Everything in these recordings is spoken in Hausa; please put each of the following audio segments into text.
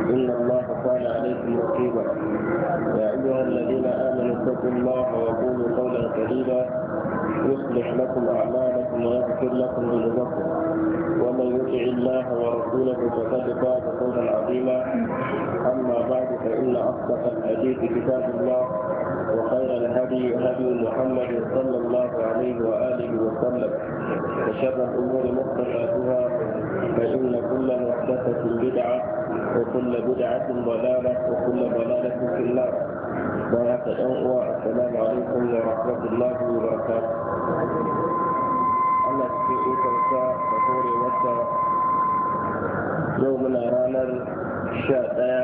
إن الله كان عليكم رقيبا يا أيها الذين آمنوا اتقوا الله وقولوا قولا سديدا يصلح لكم أعمالكم ويغفر لكم ذنوبكم ومن يطع الله ورسوله فقد فاز قولا عظيما أما بعد فإن أصدق الحديث كتاب الله وخير الهدي هدي محمد صلى الله عليه وآله وسلم وشر الأمور مختلفاتها فإن كل محدثة بدعة وكل بدعة ضلالة وكل ضلالة في النار بارك الله فيكم السلام عليكم ورحمة الله وبركاته أنا في إيكوسا وفوري وسا يوم أرانا نرانا الشاتا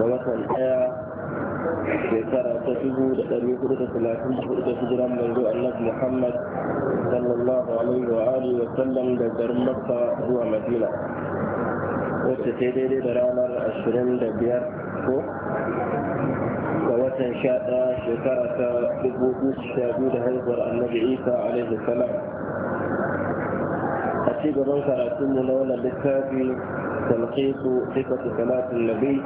ومثل حياة بسرعة تجيبوا لتنمي كرة ثلاثين كرة تجرى من ذو الله محمد صلى الله عليه وآله وسلم بجر مكة هو مدينة وتتيدي درامر أشرين دبيار كو ووتن شادا شكرة بالبوكوس شابود هنزر النبي إيسى عليه السلام أشيب رنك رسول نولا بالكافي تلقيت صفة صلاة النبي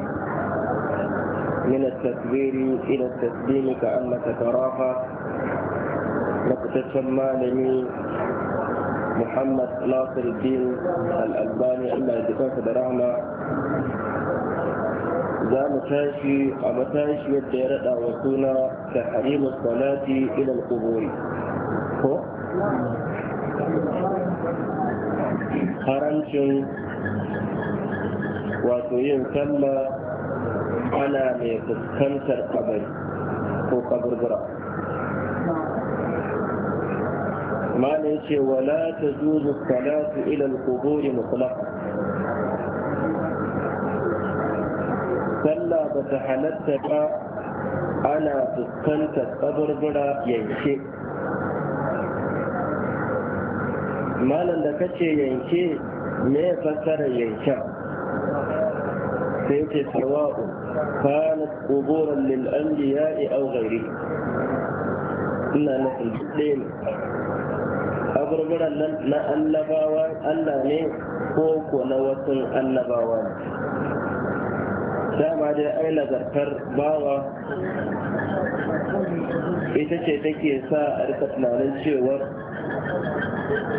من التكبير إلى التسليم كأنك تراها لقد تسمى لمي محمد ناصر الدين الألباني إلا يدفن في درعنا ذا متاشي أمتاشي الدير دعوتنا كحريم الصلاة إلى القبور هو حرمت وتوين كما على من تسكنت قبر هو قبر ما نيشي ولا تجوز الصلاة إلى Sallah ba ta بتحلتك أنا ana fuskantar بلا yanke. malam da kace yanke me ya fassara yanken sai ce sawa'u kanat quburan lil anbiya'i ghairi ina nufin ɗaya kaburburan na annabawan Allah ne ko ko na wasu annabawa ne dama dai ai nagartar bawa ita ce take sa a rika tunanin cewar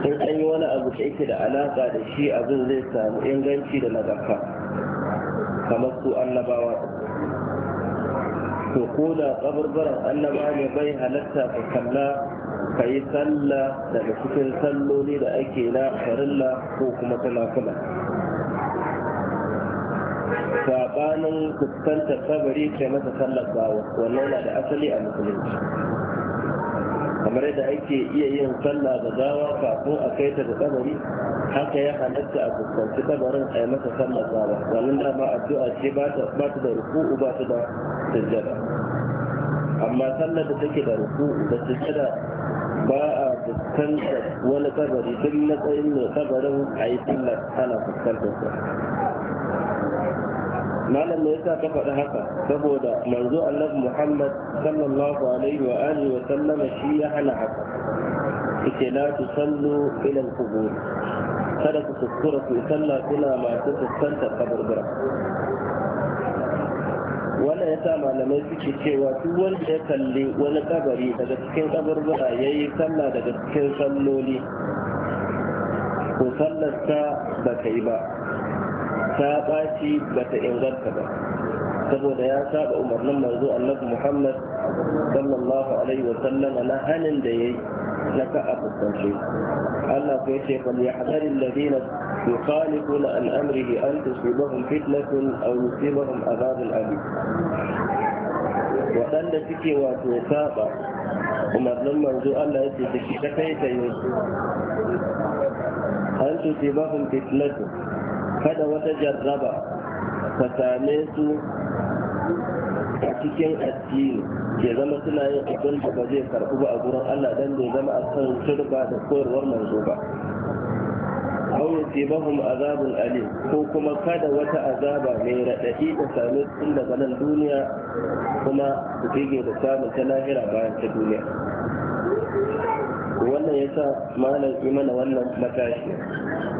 in an yi wani abu da da alaka da shi abin zai samu inganci da nagarta kamar su annabawa to ko da kaburburan annaba ne bai halatta ka kalla ka yi sallah daga cikin salloli da ake na farilla ko kuma talafula saɓanin kuskantar sabari kai masa sallar bawa wannan na da asali a musulunci kamar yadda ake iya yin sallah da gawa kafin a kai ta da sabari haka ya halatta a kuskanci sabarin a yi masa sallar gawa wannan dama addu'a ce ba ta da ruku'u ba ta da sujjada amma sallar da take da ruku'u da sujjada ba a fuskanta wani kabari duk matsayin mai kabarin a yi sallar ana malam ne yasa ka faɗi haka saboda manzo annabi muhammad sallallahu alaihi wa alihi wa sallama shi ya hana haka yake la tusallu ila al-qubur kada ku kuskura ku sallah kuna masu fuskantar kabarbara wannan yasa malamai suke cewa duk wanda ya kalli wani kabari daga cikin kaburbura ya yi sallah daga cikin salloli ko sallarsa ba ta yi ba ta ɓaci ba ta inganta ba saboda ya saba umarnin manzo annabi muhammad sallallahu alaihi wa sallam na hanin da ya yi na ka a fuskance Allah ko ya ce fal yahdari alladhina يخالفون عن امره ان تصيبهم فتنه او يصيبهم عذاب الابد وسند تكي وتوسابا وما ظلم موضوع لا يصيبك تكي كفيت ان تصيبهم فتنه فدا وتجربا فسامسوا cikin الدين يا زلمة suna yin abin da ba zai karɓi ba a gurin Allah don bai zama a san shirba aw yusibahum azabun alim ko kuma kada wata azaba mai radadi ta same su daga nan duniya kuma su bige da samun ta lahira bayan ta duniya wannan yasa malam imana wannan matashi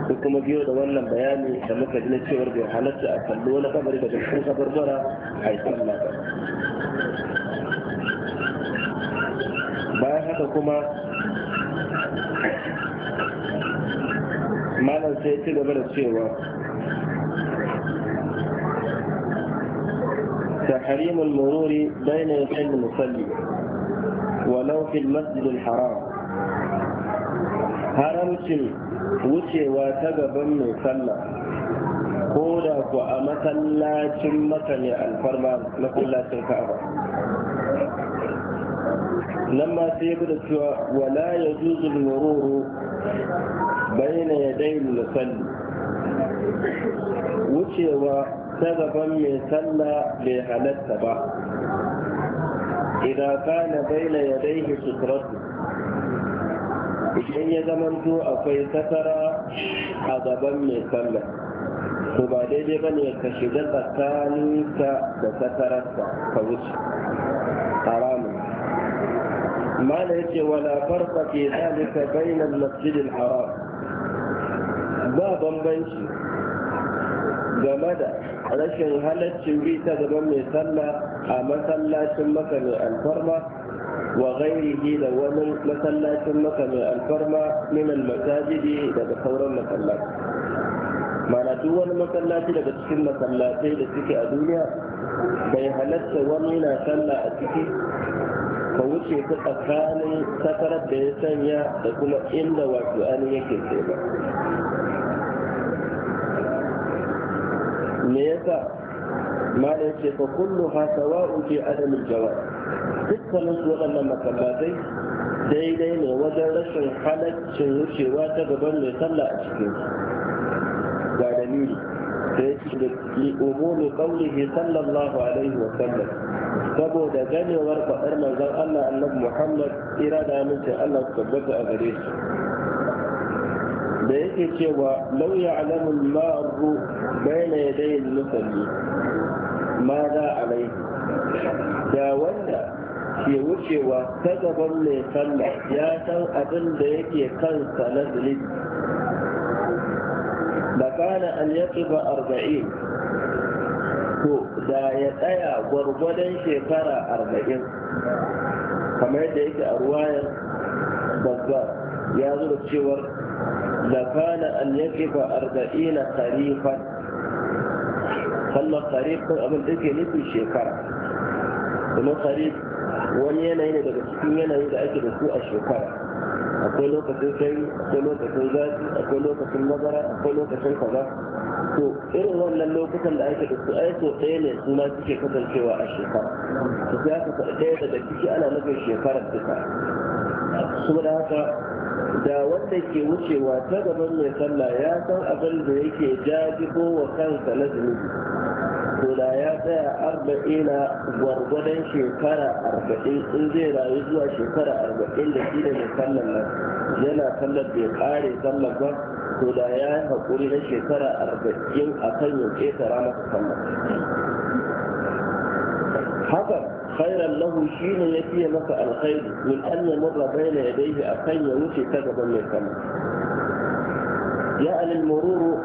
ko kuma biyo da wannan bayani da muka ji na cewar bai halatta a kallo na kabari daga cikin kabarbara a yi bayan haka kuma malam sai ta gaba da cewa تحريم المرور بين يدي المصلي ولو في المسجد الحرام حرمتي وشي واتغبا مصلى كودا كو امثل لا تمثل الفرمان لكل لا تنكابه لما سيقول ولا يجوز المرور بين يدي المصلي وشوى سببا من صلى لهلا السبع إذا كان بين يديه سترة إن يزمنتو أفي سترة أدبا من صلى وبعدين يبني يكشف الثاني كسترة فوش حرام ما ليس ولا فرق في ذلك بين المسجد ba بابا game da rashin halaccin bi ta gaban mai sallah a masallacin maka mai alfarma wa ghairihi da wani masallacin maka mai alfarma min almasajidi daga sauran masallaci mana duk wani masallaci daga cikin masallatai da suke a duniya bai halatta wani na sallah a ciki ka wuce ta tsakanin sakarar da ya sanya da kuma inda wato anin yake sai ba me yasa malam ce fa kullu ha sawa'u fi adam al-jawab dukkanin su waɗannan makallatai daidai ne wajen rashin halaccin wucewa ta gaban mai sallah a cikin ga dalili sai ce da umumin qawlihi sallallahu alaihi wa sallam saboda ganewar faɗar manzon Allah annabi Muhammad ira da Allah su tabbata a gare shi da yake cewa law ya'lamu al-mar'u bayna yaday musalli ma da alai da wanda ke wucewa ta gaban mai sallah ya san abin da yake kansa na zulubi da kana an yaqiba arba'in to da ya tsaya gwargwadon shekara arba'in kamar yadda yake a ruwayar babba ya zo da cewar lafana an yake ba arba'ina tarifan sallar tarifan abin da ke nufin shekara kuma tarif wani yanayi ne daga cikin yanayi da ake da su a shekara akwai lokacin sai akwai lokacin zafi akwai lokacin mazara akwai lokacin kaza to irin wannan lokutan da ake da su ai so ɗaya ne su ma suke kasancewa a shekara to sai ka faɗi ɗaya daga ciki ana nufin shekarar duka saboda haka da wanda ke wucewa ta gaban mai sallah ya san abin da yake jajibo wa kansa na zunubi koda ya tsaya arba'ina gwargwadon shekara arba'in in zai rayu zuwa shekara arba'in da shi da mai sallan nan yana kallon bai kare sallar ba to ya yi haƙuri na shekara arba'in a kan ya ƙetara masa sallar haka khairan lahu shine ya fiye masa alkhairi min an ya murra bayna yadayhi akan ya wuce ta gaban mai sallar ya al-mururu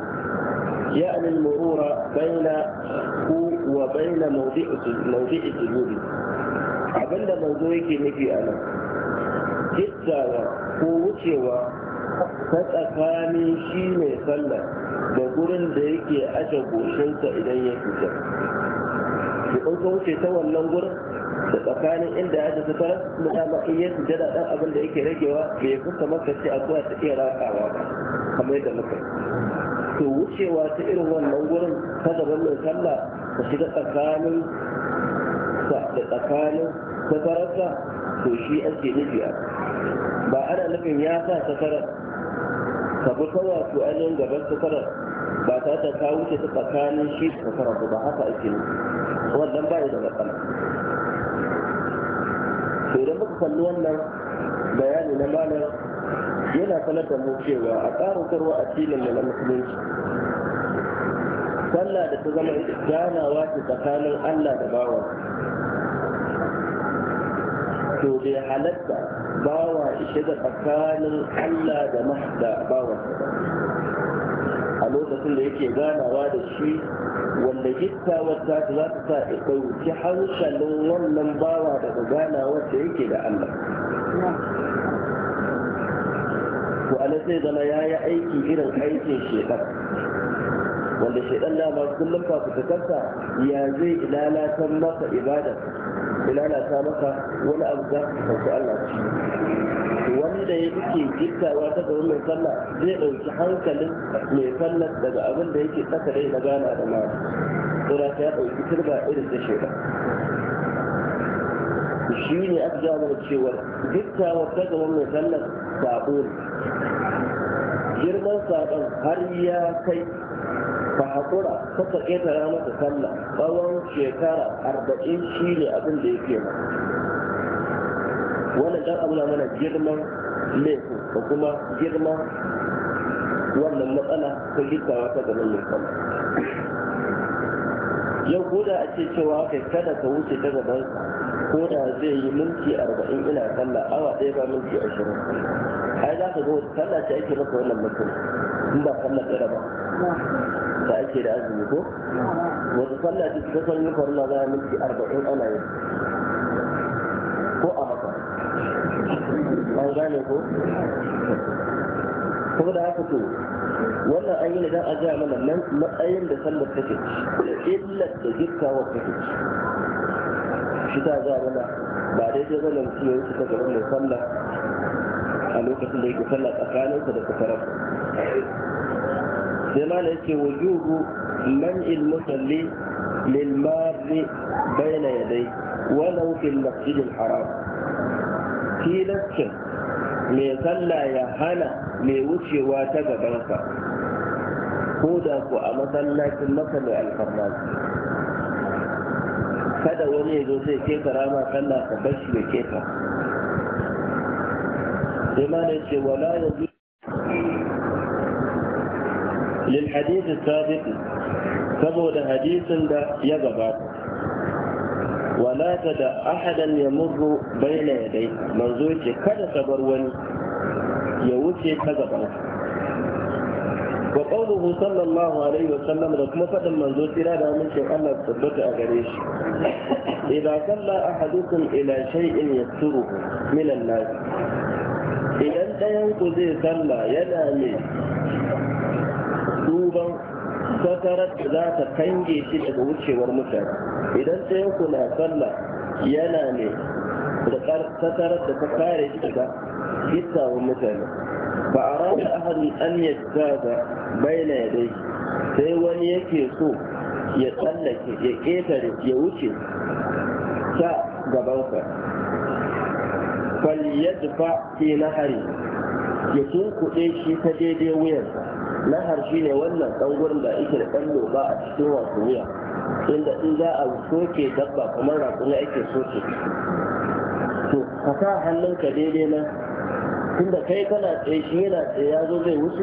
يعني المرور بينه وبين موضع موضع السجود abin da manzo yake nufi a nan gittawa ko wucewa ta tsakanin shi mai sallah da gurin da yake aje goshinsa idan ya fita da ka wuce ta wannan gurin da tsakanin inda ya ta tara da dama in ya da dan abin da yake ragewa bai fuska maka a zuwa ta iya rakawa ba kamar yadda muka yi to wucewa ta irin wannan gurin ta gaban mai sallah ka shiga tsakanin sa da tsakanin safararsa to shi ake nufi a ba ana nufin ya sa safarar ka bi ta wato ainihin gaban safarar ba ta da ta wuce ta tsakanin shi da safarar ba haka ake nufi wannan ba da matsala kalli wannan bayani na malam yana sanar da mu cewa a tsarin karwa a filin da na musulunci sallah da ta zama ganawa ce tsakanin allah da bawa to bai halatta bawa ishe da tsakanin allah da bawa ba lokacin da yake ganawa da shi wanda gittawar ta za ta sa ya ɗauki hankalin wannan bawa daga ganawar da yake da Allah. To ana sai zama ya yi aiki irin aikin shekar. Wanda shekar dama kullum fafutukarsa ya zai lalatar masa ibada, lalata masa wani abu za ka Allah ci. wanda ya ke gittawa ta gaban mai sallah zai ɗauki hankalin mai sallah daga abin da yake tsaka dai na gana da ma ta ya ɗauki turba irin ta ba. shi ne aka jawo mana cewar gittawa ta gaban mai sallah sabo ne girman sabon har ya kai ka haƙura ka ƙetara masa sallah tsawon shekara arba'in shi ne abin da yake ba. wannan dan abu na mana girman laifin ko kuma girman wannan matsala ta gittawa ta gaban mai yau ko da a ce cewa kai kada ka wuce ta gaban ko da zai yi minti arba'in ina sallah awa ɗaya ba minti ashirin ai za ka ga wata sallah ce ake masa wannan mutum in ba sallah ɗaya ba da ake da azumi ko wata sallah ce ta san yi faruwa za a minti arba'in ana yi an gane ko kuma da haka to wannan an yi ne don a gaya mana nan matsayin da sallar take da illar da gittawar take shi ta gaya mana ba daidai zama mutum ya wuce ta gaban mai sallah a lokacin da yake sallah tsakaninsa da kusurar sai ma da yake wujuhu man'il musalli lil marri bayna yadai walau fil masjidil haram tilastin mai sallah ya hana mai wucewa ta gabansa ko da ku a masallacin maka mai alfarmaci kada wani ya zo zai kefa rama sallah ka bar shi ya kefa. sai ma ce wala ya zo lil hadith sabiq saboda hadisin da ya gabata ولا تدع أحدا يمر بين يديك منظور كذا تبرون يوتي كذا وقوله صلى الله عليه وسلم لكم فدم من ذو لا من شيء الله تثبت أغريش إذا صلى أحدكم إلى شيء يكسره من الناس إذا أنت ينقذي صلى ينامي دوبا سترت ذات كنجي في تقول شيء idan ta yanku na sallah yana ne da kasar da ta kare shi daga gittawan mutane ba a rana ahadin an yadda da baina ya dai sai wani yake so ya tsallake ya ƙetare ya wuce ta gabansa ke na nahari ya tunkuɗe shi ta daidai wuyansa nahar ne wannan ɗan da ake da ɗan loba a cikin wasu wuya inda in za a soke dabba kamar raƙumi ake soke to ka sa hannunka daidai nan tunda kai kana tsaye shi yana tsaye ya zo zai wuce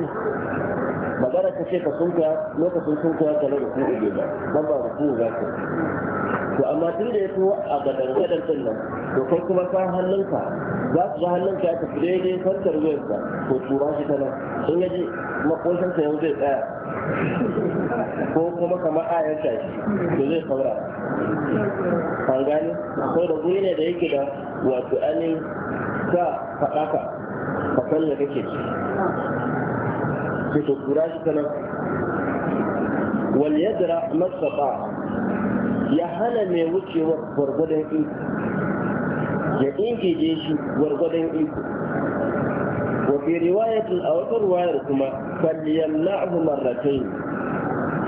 magana ka ce ka sunkuya lokacin sunkuya ka na rukun ube ba ban ba rukun za ka to amma tun da ya fi a gadan gadan din nan to kai kuma ka hannunka za su ga hannunka ya tafi daidai fantar wuyarsa ko tura shi ta nan in ya ji makoshinsa yau zai tsaya ko kuma kamar ayar shi to zai saura an gane ko da guri ne da yake da wato anin ka faɗaka ka san da kake ci sai to tura shi ta nan wal yadra mastata ya hana mai wucewar gwargwadon iko ya ingije shi gwargwadon iko wafi fi a wata ruwayar kuma na'ahu marratayn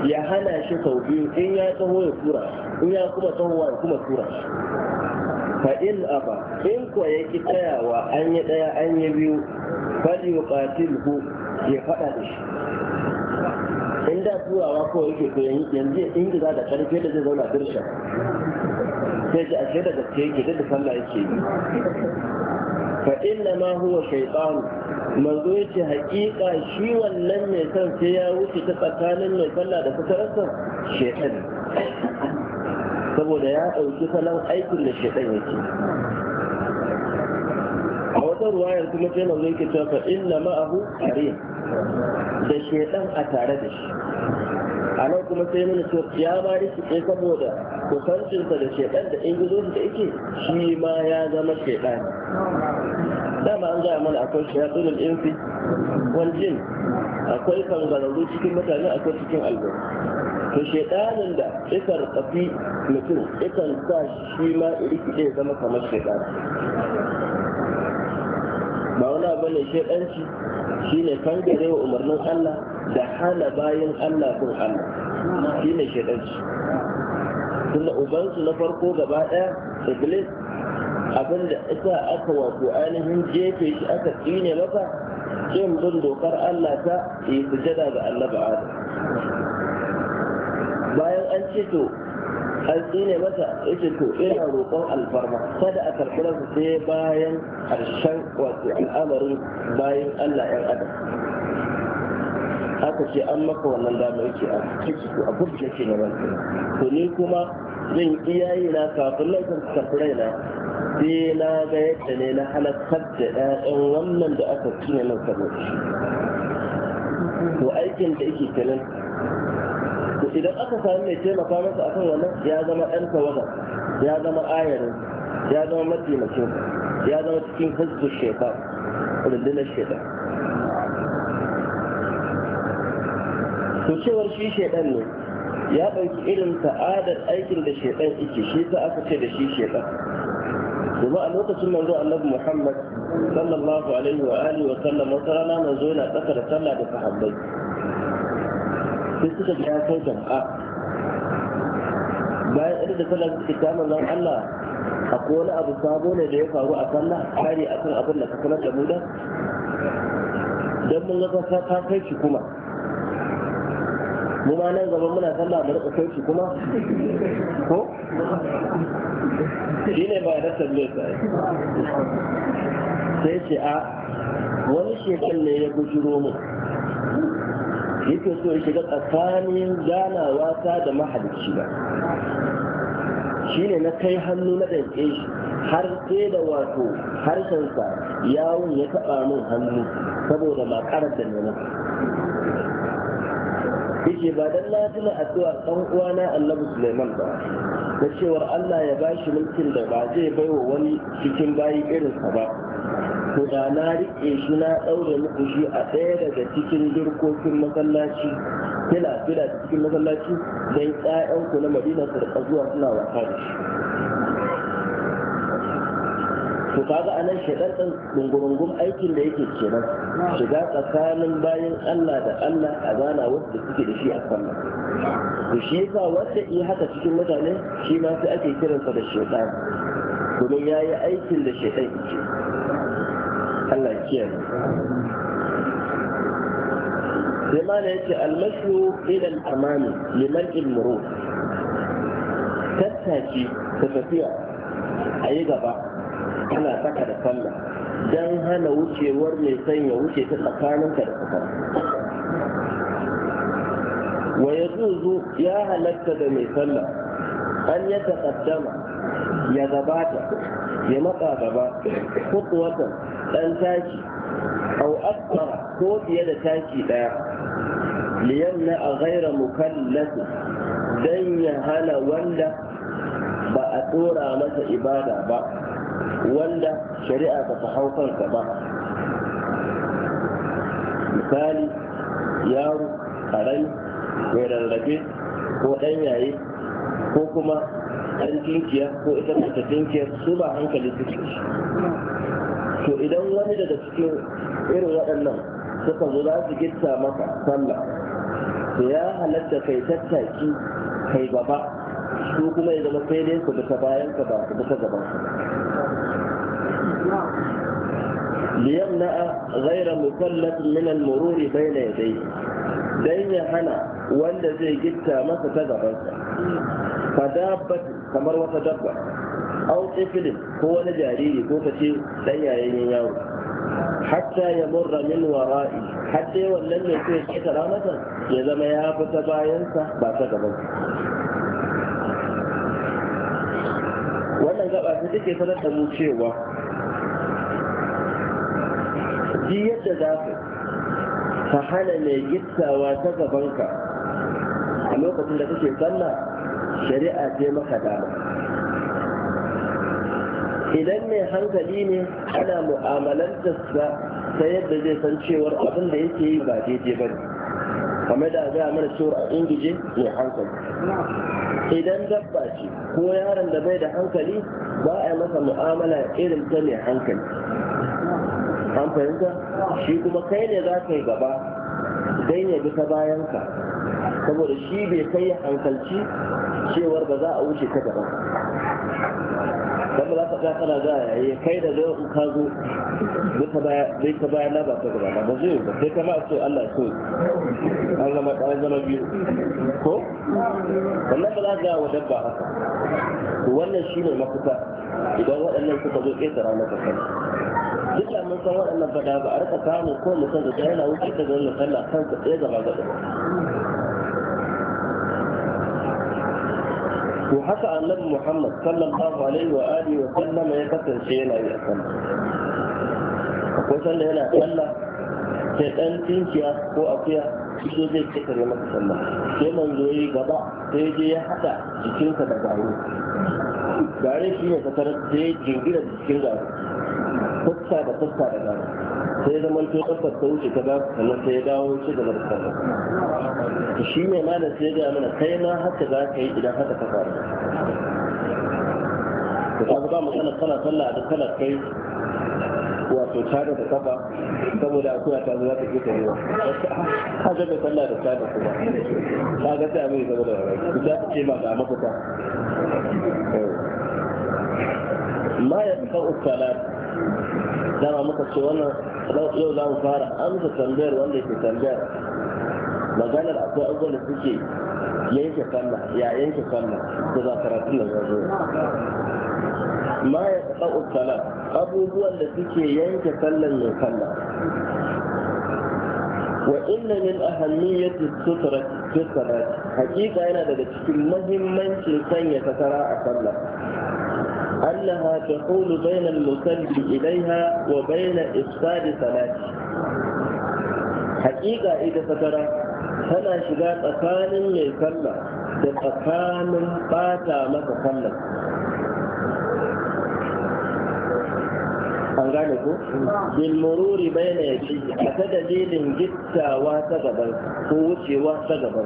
ya hana shi sau biyu in ya taho ya tura in ya kuma tsawo ya kuma tura shi fa in aba in ko ya ki tsayawa an yi daya an yi biyu fali ku ya fada da shi in da turawa kawai yake to yanzu ya ingiza da karfe da zai zauna dirshan sai ji ashe da gaske yake da sallah yake yi fa inna ma huwa shaytan manzo yace haƙiƙa shi wannan mai son sai ya wuce ta tsakanin mai sallah da fitararsa shaytan saboda ya ɗauki salon aikin da shaytan yake a wata ruwayar kuma sai manzo yake cewa fa inna ma'ahu qarin da shedan a tare da shi a nan kuma sai mana to ya ma rikice saboda kusancinsa da shedan da in gizo da yake shi ma ya zama shedan dama an gaya mana akwai shayatunul insi wal jin akwai kangararru cikin mutane akwai cikin albar to shedanin da ikan tafi mutum ikan sa shi ma rikice zama kamar shedan ba wani abu ne ke ɗanci shine kangare wa umarnin Allah da hana bayan Allah kun Allah shine ke ɗanci tunda ubansu na farko gaba ɗaya iblis abinda isa aka wato ainihin jefe shi aka tsine maka, kin bin dokar Allah ta yi sujada ga Allah ba'ada bayan an ce to an tsine masa ya ce to ina roƙon alfarma kada a karɓi su sai bayan harshen wato al'amarin bayan Allah ‘yan adam haka ce an maka wannan dama yake a ciki ko a kurce ke na wani to ni kuma zan iyayi na kafin na kan karɓi na sai na ga yadda ne na halakar da ɗayan wannan da aka tsine nan saboda shi to aikin da yake kenan idan aka sami mai taimaka masa akan wannan ya zama ɗan tawaga ya zama ayarin ya zama mataimakin ya zama cikin hizbu shekar rundunar shekar to cewar shi shekar ne ya ɗauki irin ta'adar aikin da shekar ike shi ta aka ce da shi shekar domin a lokacin manzo annabi muhammad sallallahu alaihi wa alihi wa sallam wata rana manzo yana tsaka da sallah da sahabbai sai suka ga kai damka bayan irin da sallah suke kama nan Allah a wani abu sabo ne da ya faru a sallah kare akan abin da ka sanar da mu da mun ga ta ta kai shi kuma mu ma nan gaba muna sallah mu rika kai shi kuma ko shi ne ba da sallah sai sai ce a wani shekar ne ya gujiro mu yake so ya shiga tsakanin ganawa ta da mahalicci ba Shi ne na kai hannu na ɗanke shi har sai da wato harshensa yawon ya taɓa min hannu saboda ƙarar da nuna yake ba don na tuna addu'ar ɗan uwana annabi suleiman ba na cewar allah ya ba shi mulkin da ba zai baiwa wani cikin bayi irinsa ba to da na riƙe shi na ɗaure muku shi a ɗaya daga cikin jirkokin masallaci fila fila da cikin masallaci don ƴaƴanku na madina su da zuwa suna wasa da shi to kaga anan shaidan ɗan gungurungun aikin da yake kenan shiga tsakanin bayan Allah da Allah a gana wasu da suke da shi a sallah to shi yasa wanda yi haka cikin mutane shi ma sai ake kiransa da shaidan domin ya yi aikin da shaidan yake Allah kiyaye sai ma da yake almasu ila al-amami liman al-muru tattaki ta tafiya a yi gaba ana saka da sallah don hana wucewar mai sanya ya wuce ta tsakanin tsakaninka da kasa wa ya zuzu ya halatta da mai sallah an ya taƙaddama ya gabata ya matsa gaba kutuwatan ɗan taki au akbara ko fiye da taki daya liyanna a ghaira mukallafin dan ya hana wanda ba a tsora masa ibada ba wanda shari'a ba ta hau kansa ba misali yaro karami mai rarrafe ko ɗan yaye ko kuma ɗan tinkiya ko ita kanta tinkiya su ba hankali suke shi to idan wani daga cikin irin waɗannan suka zo za su gitta maka sallah to ya halatta kai tattaki kai gaba su kuma ya zama sai dai su bi ta bayan ka ba su bi ta gaban ka ليمنع غير مكلف من المرور بين يديه dan ya hana wanda zai gitta masa ta gabansa fadabbat kamar wata dabba aw tiflin ko wani jariri ko kace dan yayin yaro hatta ya murra min wara'i hatta wannan ne sai ya tara ya zama ya fita sa ba ta gaban wannan gaba ta take sanar da mu cewa ji yadda za ka ka hana mai gittawa ta gabanka a lokacin da kake sallah shari'a ce maka dama idan mai hankali ne ana mu'amalantarsa ta yadda zai san cewar abin da yake yi ba daidai ba ne kamar da ga mana cewar a ingije mai hankali idan dabba ce ko yaron da bai da hankali ba a yi masa mu'amala irin ta mai hankali an fahimta shi kuma kai ne za ka yi gaba dai ne bisa bayanka saboda shi bai kai hankalci cewar ba za a wuce ta gaba dan ba za ka kana za a yi kai da zo in ka zo zai ta baya na ba ta gaba ba zai ba sai kama a ce Allah so an zama ɗan zama biyu ko wannan ba za ga wa dabba haka wannan shine mafita idan waɗannan suka zo ƙetara na kasan duk da mun san waɗannan faɗa ba a rika samun ko mutum da yana wuce ta garin sallah kansa ɗaya gaba gaba وحكى النبي محمد صلى الله عليه وآله وسلم يكسر شيء لا سلام وصلى هنا صلى شيطان تنشيا هو أقيا شو زي كسر يا مكة صلى كما يقول غضا تيجي حتى جكين تتبعه قال شيئا كسر تيجي جنجل جكين غضا تبسا بتبسا بتبسا sai zaman to kasar ta wuce kaza sannan sai ya dawo ci gaba da kasar to shi ne ma da sai ya gaya mana kai ma haka za ka yi idan haka ta faru to kaga ba magana kana sallah da kana kai wato tada da kafa saboda akwai ta za ta kike ruwa kaga da sallah da tada kuma kaga sai amiri saboda rai za ta ce ma ga mafita ma ya tsau salat dama muka ce wannan yau za mu fara amsa tambayar wanda ke tambayar maganar akwai abubuwan da suke yanke sallah ya yanke sallah ko za karatun da zazo ma ya tsau salat abubuwan da suke yanke sallan mai sallah wa inna min ahammiyati sutra fi hakika yana daga cikin muhimmancin sanya satara a sallah أنها تقول بين المسلم إليها وبين إفساد صلاته حقيقة إذا فترة هنا شجاع أكان من صلى ده أكان قاتا ما تصلى أنغانيكو بالمرور بين يديه حتى دليل جدا واسا قبل هو وشي واسا قبل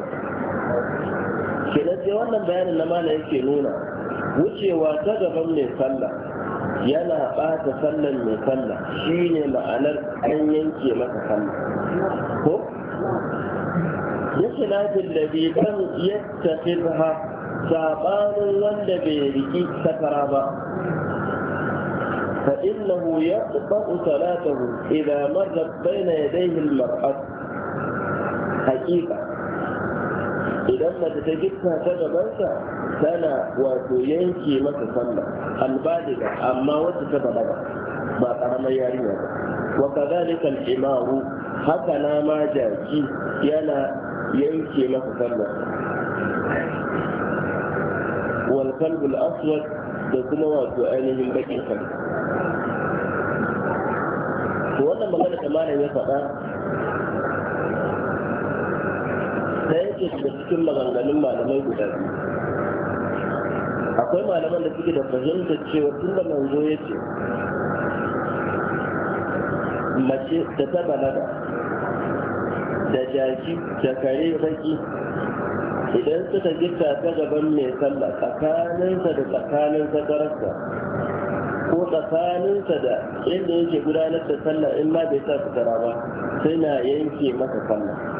كنت يوانا بيان النمال يكي wucewa ta gaban mai sallah yana ɓata sallan mai sallah shi ne ma'anar an yanke masa sallah ko yake khilafin da bai kan yadda ha sabanin wanda bai riki safara ba فإنه يقطع صلاته إذا مرت بين يديه المرأة حقيقة idan mace ta gitta ta gabansa tana wato yanke masa sallah albaliga amma wacce ta balaga ba karamar yarinya ba wa kadhalika al-himaru haka na ma jaki yana yanke masa sallah wal qalbu al-aswad da kuma wato ainihin bakin sallah wannan magana da malam ya faɗa da yake daga cikin maganganun malamai guda biyu akwai malaman da suke da fahimtar cewa tun da manzo ya ce mace da ta balaga da jaki da kare baki idan suka gita ta gaban mai sallah tsakaninsa da tsakanin sakararsa ko tsakaninsa da inda yake gudanar da sallah in ma bai sa su ba sai na yanke masa sallah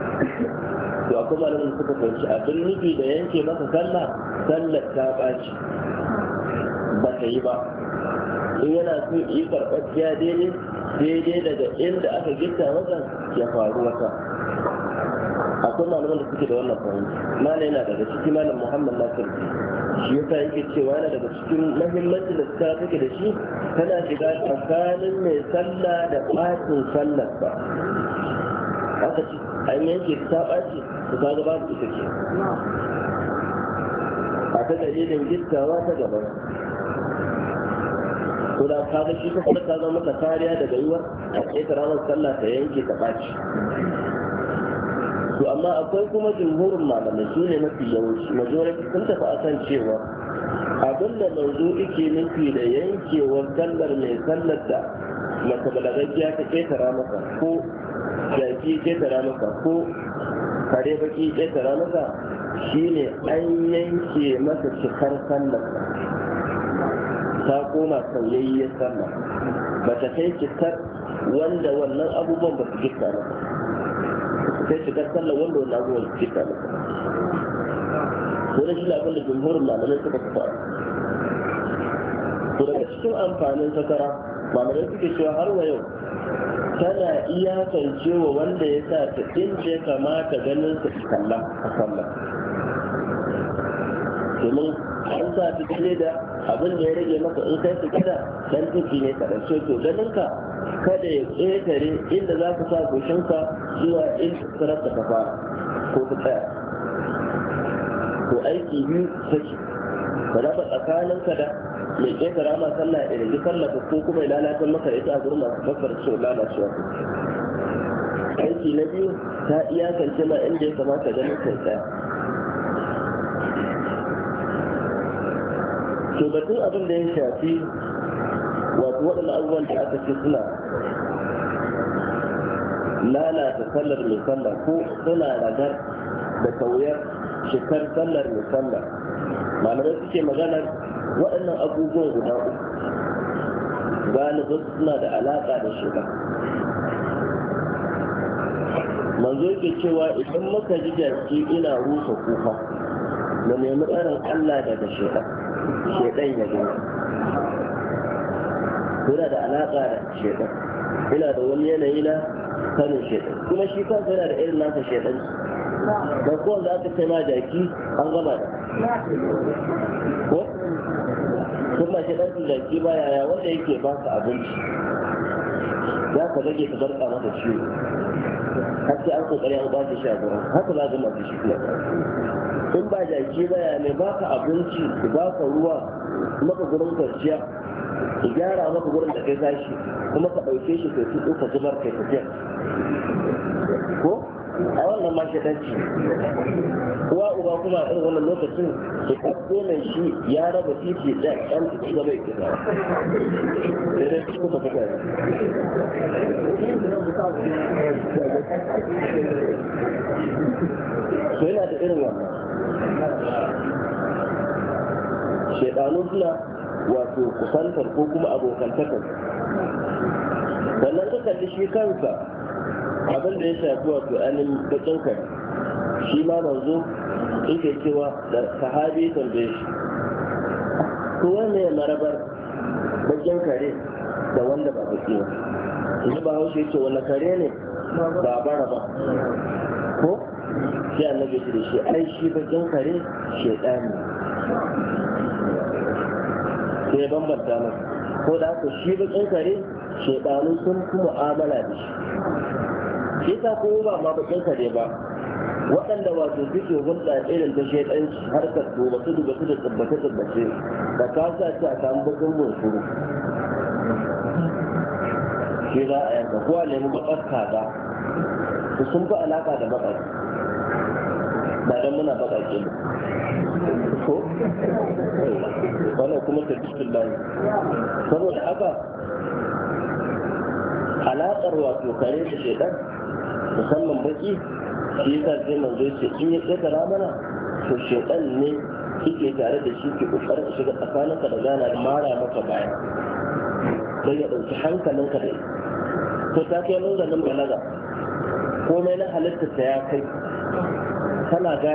to akwai malamin suka fahimci abin nufi da yanke maka kalla, sallar ta ɓaci ba ta yi ba in yana so yi ya daidai daidai daga inda aka gita wajen ya faru wata akwai malamin da suke da wannan fahimci mana yana daga ciki malam muhammad nasir shi ya sa yake cewa yana daga cikin mahimmancin da suka take da shi tana shiga tsakanin mai sallah da ɓacin sallar ba ka ce ai me yake ta ɓaci su ta gaba da ita ke a ta dalilin gittawa ta gaba ko da ka shi ta kuma ta zama kariya daga yiwuwar a ƙetare ranar sallah ta yanke ta ɓaci to amma akwai kuma jumhurin malamai su ne mafi yawanci majority sun tafi akan cewa abin da manzo yake nufi da yankewar sallar mai sallar da mace balagaggiya ta ƙetara masa ko jaki ƙetara masa ko kare baki ƙetara masa shine an yanke masa cikar sallar ta koma sauyayyar sallah ba ta kai cikar wanda wannan abubuwan ba su jikta ba sai cikar sallar wanda wannan abubuwan su jikta ba wani shi labin da jumhurin malamai suka fi ko to daga cikin amfanin sakara malamai suke cewa har wa yau tana kance wa wanda ya sa ta inda ya kamata ganin sa kalla a sallah domin an sa ta daidai da abin da ya rage maka in kai su kada dan tuki ne ka dace to ganin ka kada ya tsere inda za ka sa goshinka zuwa inda sarar ta fara ko ta tsaya ko aiki biyu take ka tsakanin ka da mai ƙetara rama sallah irin rinji sallaka ko kuma ya lalatar maka ita a gurin masu kafar cewa lalacewa aiki na biyu ta kance ma inda ya kamata ganin kai tsaya to batun abin da ya shafi wato waɗanda abubuwan da aka ce suna lalata sallar mai sallah ko suna ragar da kauyar shekar sallar mai sallah malamai suke magana waɗannan abubuwan guda uku galibin suna da alaƙa da shiga manzo yake cewa idan muka ji jaki ina rusa kuka mu nemi tsarin Allah daga shaiɗa shaiɗan ya gani yana da alaƙa da shaiɗan ina da wani yanayi na sanin shaiɗan kuma shi kansa yana da irin nasa shaiɗan da kowanne aka kai ma jaki an gama da ko kuma shi ɗansu jaki ba yaya wanda yake ba ka abinci ya ka rage ka zarka masa ciwo har sai an kokari an kwace shi a gurin haka za ga masu shi kuma in ba jaki ba yaya mai ba ka abinci ki ba ka ruwa maka gurin kwanciya ki gyara maka gurin da kai tashi kuma ka ɗauke shi kai tuɗu ka zubar kai tafiya ko a wannan ma shaidanci uwa uba kuma a irin wannan lokacin da ɗauko mai shi ya raba titi da ɗan ci gaba ya kisa da dai su kuma kuka ne so yana da irin wannan shaidanu suna wato kusantar ko kuma abokantakar sannan ka kalli shi kansa abin da ya shafi wato anin bakin kai shi ma manzo yake cewa da sahabi tambaye shi ko wanne ya marabar bakin kare da wanda ba baki ba shi ba haushe ya ce wani kare ne ba bara ba ko shi annabi ya da shi ai shi bakin kare shedani ne? ya bambanta masa ko da haka shi bakin kare shaidanu sun kuma amala da shi shi ta ko ba ma bakin ka ne ba waɗanda wato suke hulɗa irin ta shaidanci harkar dubatu dubatu da tsabbace tsabbace da ka sa ci a samu bakin bunsuru shi za a yanka kuwa ne mu bakar ba. su sun fi alaƙa da bakar ba don muna bakar ke ko wannan kuma ta bishin layi saboda haka alaƙar wato kare da shaidan musamman baki shi yasa sai manzo ce in ya ƙetara mana to shedan ne kike tare da shi ke kokarin shiga tsakaninka da gana da mara maka baya don ya hankalin hankalinka da to ta kai nan balaga komai na halitta ta ya kai kana ka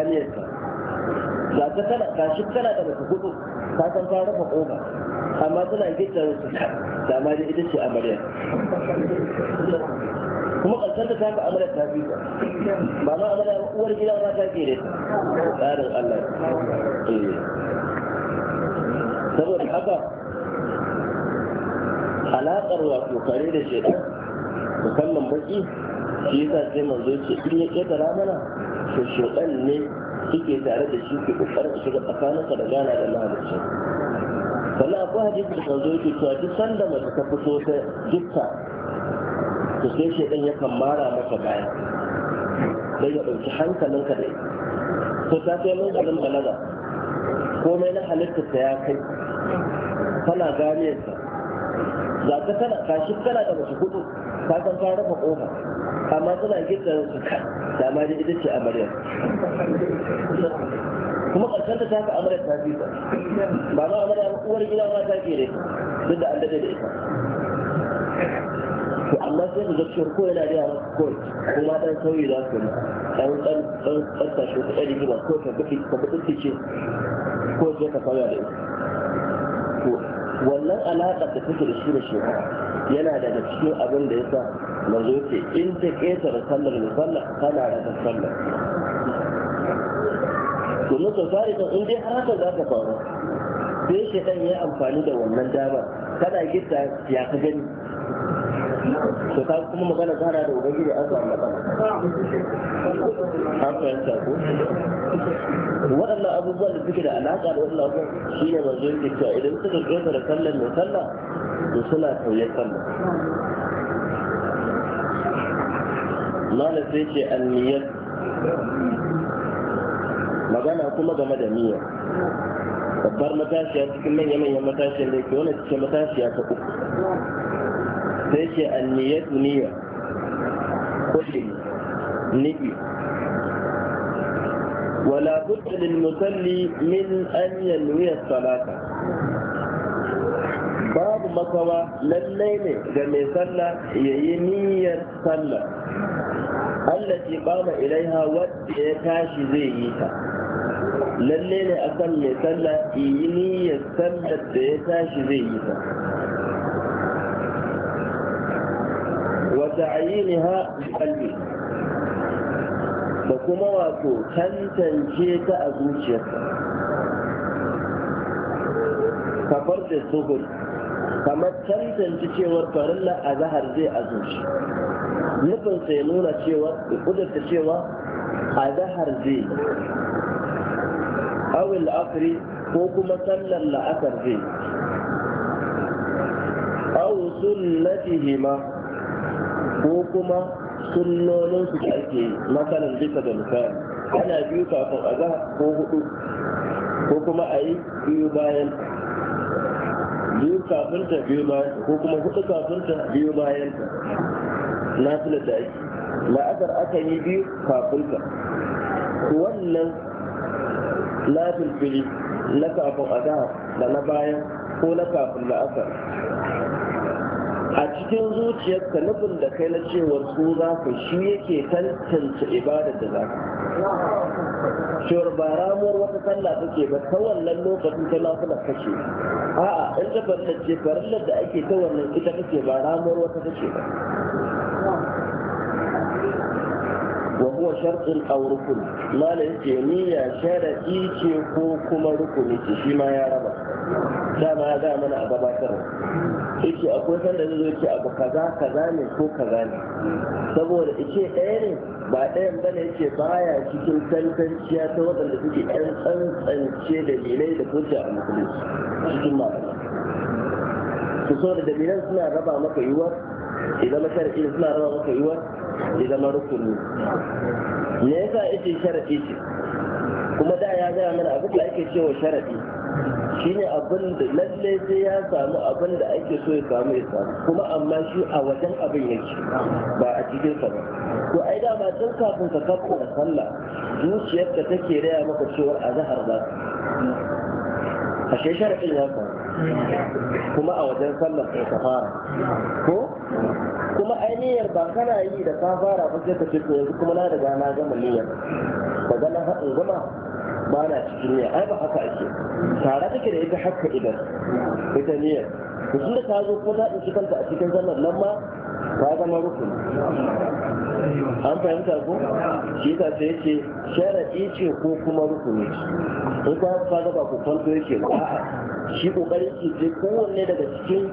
ga ta kana shi kana da mace gudu ka san ka rufe koma amma tana gidan da ma da ita ce amarya kuma ƙarshen ta taka amara ta fi ta ba ma amara uwar gida ma ta ke da tsarin Allah eh. saboda haka alaƙar wato kare da shaidan musamman baki shi yasa sai manzo ce in ya ƙetara mana to shaidan ne suke tare da shi ke ƙoƙarin shiga tsakaninka da gana da mahalicci sannan akwai hadisi da manzo yake cewa duk sanda mace ta fito ta dukka to sai shi ɗan yakan mara maka baya don ya ɗauki hankalinka da ita to ta sai mun garin balaga komai na ta ya kai kana ganiyarsa za ka kana kashi kana da mace kudu ka san ka rafa ƙofa amma suna gidda su ka. da ma dai ita ce amarya kuma ƙarshen ta taka amarya ta fi ba ma amarya uwar gida ma ta ke ne duk da an da ita amma sai ka ga cewa ko yana da yawa ko kuma dan sauyi za ka yi dan dan dan dan tashi rigima ko ka bi ka bi ce ko je ka fara da to wannan alaƙa da take da shi da shi yana da cikin abin da yasa manzo yake in ta ƙetare sallar musalla kana da sallar domin sau fari kan in dai har haka za ka faru sai shi ya amfani da wannan dama kana gidda ya ka gani to ka kuma magana tana da ubangiji an samu matsala an fahimta ko waɗannan abubuwan da suke da alaƙa da wannan abubuwan shi ne manzo yake cewa idan suka ƙesa da sallar mai sallah to suna tauye sallah malam sai ce niyyar. magana kuma game da niyya babbar matashiya cikin manya-manyan matashiya da ke wani cikin matashiya ta uku sai ce anniyatu niyya kulli nufi ولا بد للمصلي من أن ينوي الصلاة باب مكوى للليل جميع صلى ينية صلى التي قام إليها وتعتاش زيها للليل أكل صلى ينية صلى تعتاش زيها تعيينها بقلبي وكما واتو تنتن جيتا أزوجيك كفرد الزبر كما تنتن جيتي وارفر الله أظهر زي أزوج نفن سينونا شيوا بقدر تشيوا أظهر زي أو الأقري وكما تنل الله زي أو سلتهما ko kuma sunnonin su da ake matsalin bisa da misali ana biyu kafin a ko hudu ko kuma a yi biyu bayan biyu kafin ta biyu bayan ko kuma hudu kafin ta biyu bayan ta na tuna da ake la'asar aka yi biyu kafin ta wannan lafin fili na kafin a da na bayan ko na kafin la'asar a cikin zuciyarka nufin da kai na cewar su za ka shi yake tantance ibadar da za ka cewar ba ramuwar wata sallah take ba ta wannan lokacin ta lafula kashe. a'a in ta farlace farlar da ake ta wannan ita kake ba ramuwar wata take ba وهو شرط أو ركن ما للجميع شرط ko kuma كما ركن shi ma ya raba. Dama هذا من أبا gabatarwa. yake akwai sanda zai yake abu kaza kaza ne ko kaza ne saboda ice ɗaya ne ba ɗayan ba ne yake baya cikin tantanciya ta waɗanda suke ɗan tsantsance dalilai da kuce a musulunci cikin malamai su so da dalilan suna raba maka yiwuwar ya zama sharaɗi suna raba maka yiwuwar ya zama rukuni me yasa yake sharaɗi ce kuma da ya gaya mana abin da ake cewa sharaɗi shine abin da lalle sai ya samu abin da ake so ya samu ya samu kuma amma shi a wajen abin yake ba a cikin sa ba to ai da ma tun kafin ka kafa da sallah zuciyarka take raya maka cewa azhar ba ashe sharadin ya faru. kuma a wajen sallar sai ka fara ko kuma ainihiyar ba kana yi da ka fara ba sai ka ce to yanzu kuma na riga na gama niyyar ba ga na haɗin gama ba na cikin niyya ai ba haka ake tare take da ita haka idan ita niyyar kusur da ta zo ko ta ɗauki kanta a cikin sallar nan ma ka zama rukuni an fahimta ko shi ta sai ce sharaɗi ce ko kuma ne. in ka ka gaba ba ku kwanto yake ba shi kokarin ki ce kowanne daga cikin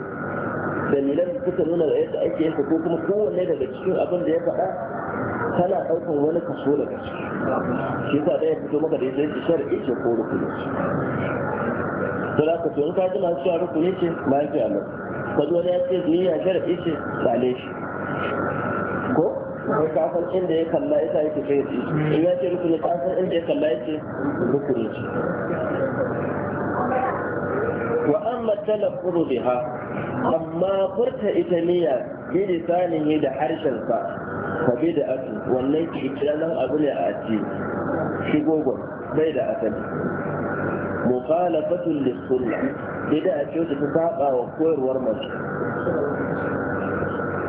dalilan da suka nuna da yadda ake yanka ko kuma kowanne daga cikin abin da ya faɗa tana ɗaukar wani kaso daga ciki shi ta ɗaya fito maka da ya ce sharaɗi ce ko rukuni to za ka tuni ka ji masu cewa rukuni ce ma yake a nan ka ya ce niyya sharaɗi ce tsale shi ko kai ka inda ya kalla ya sa yake sai ce in ya ce rukuni ka san inda ya kalla ya ce rukuni ce wa amma talaffuru biha amma furta ita niyya bi lisanihi da harshen sa ka bi da asu wannan kikiranan abu ne a shi shigo bai da asali mukhalafatun lis-sunna bid'a ce da ta saba wa koyarwar mace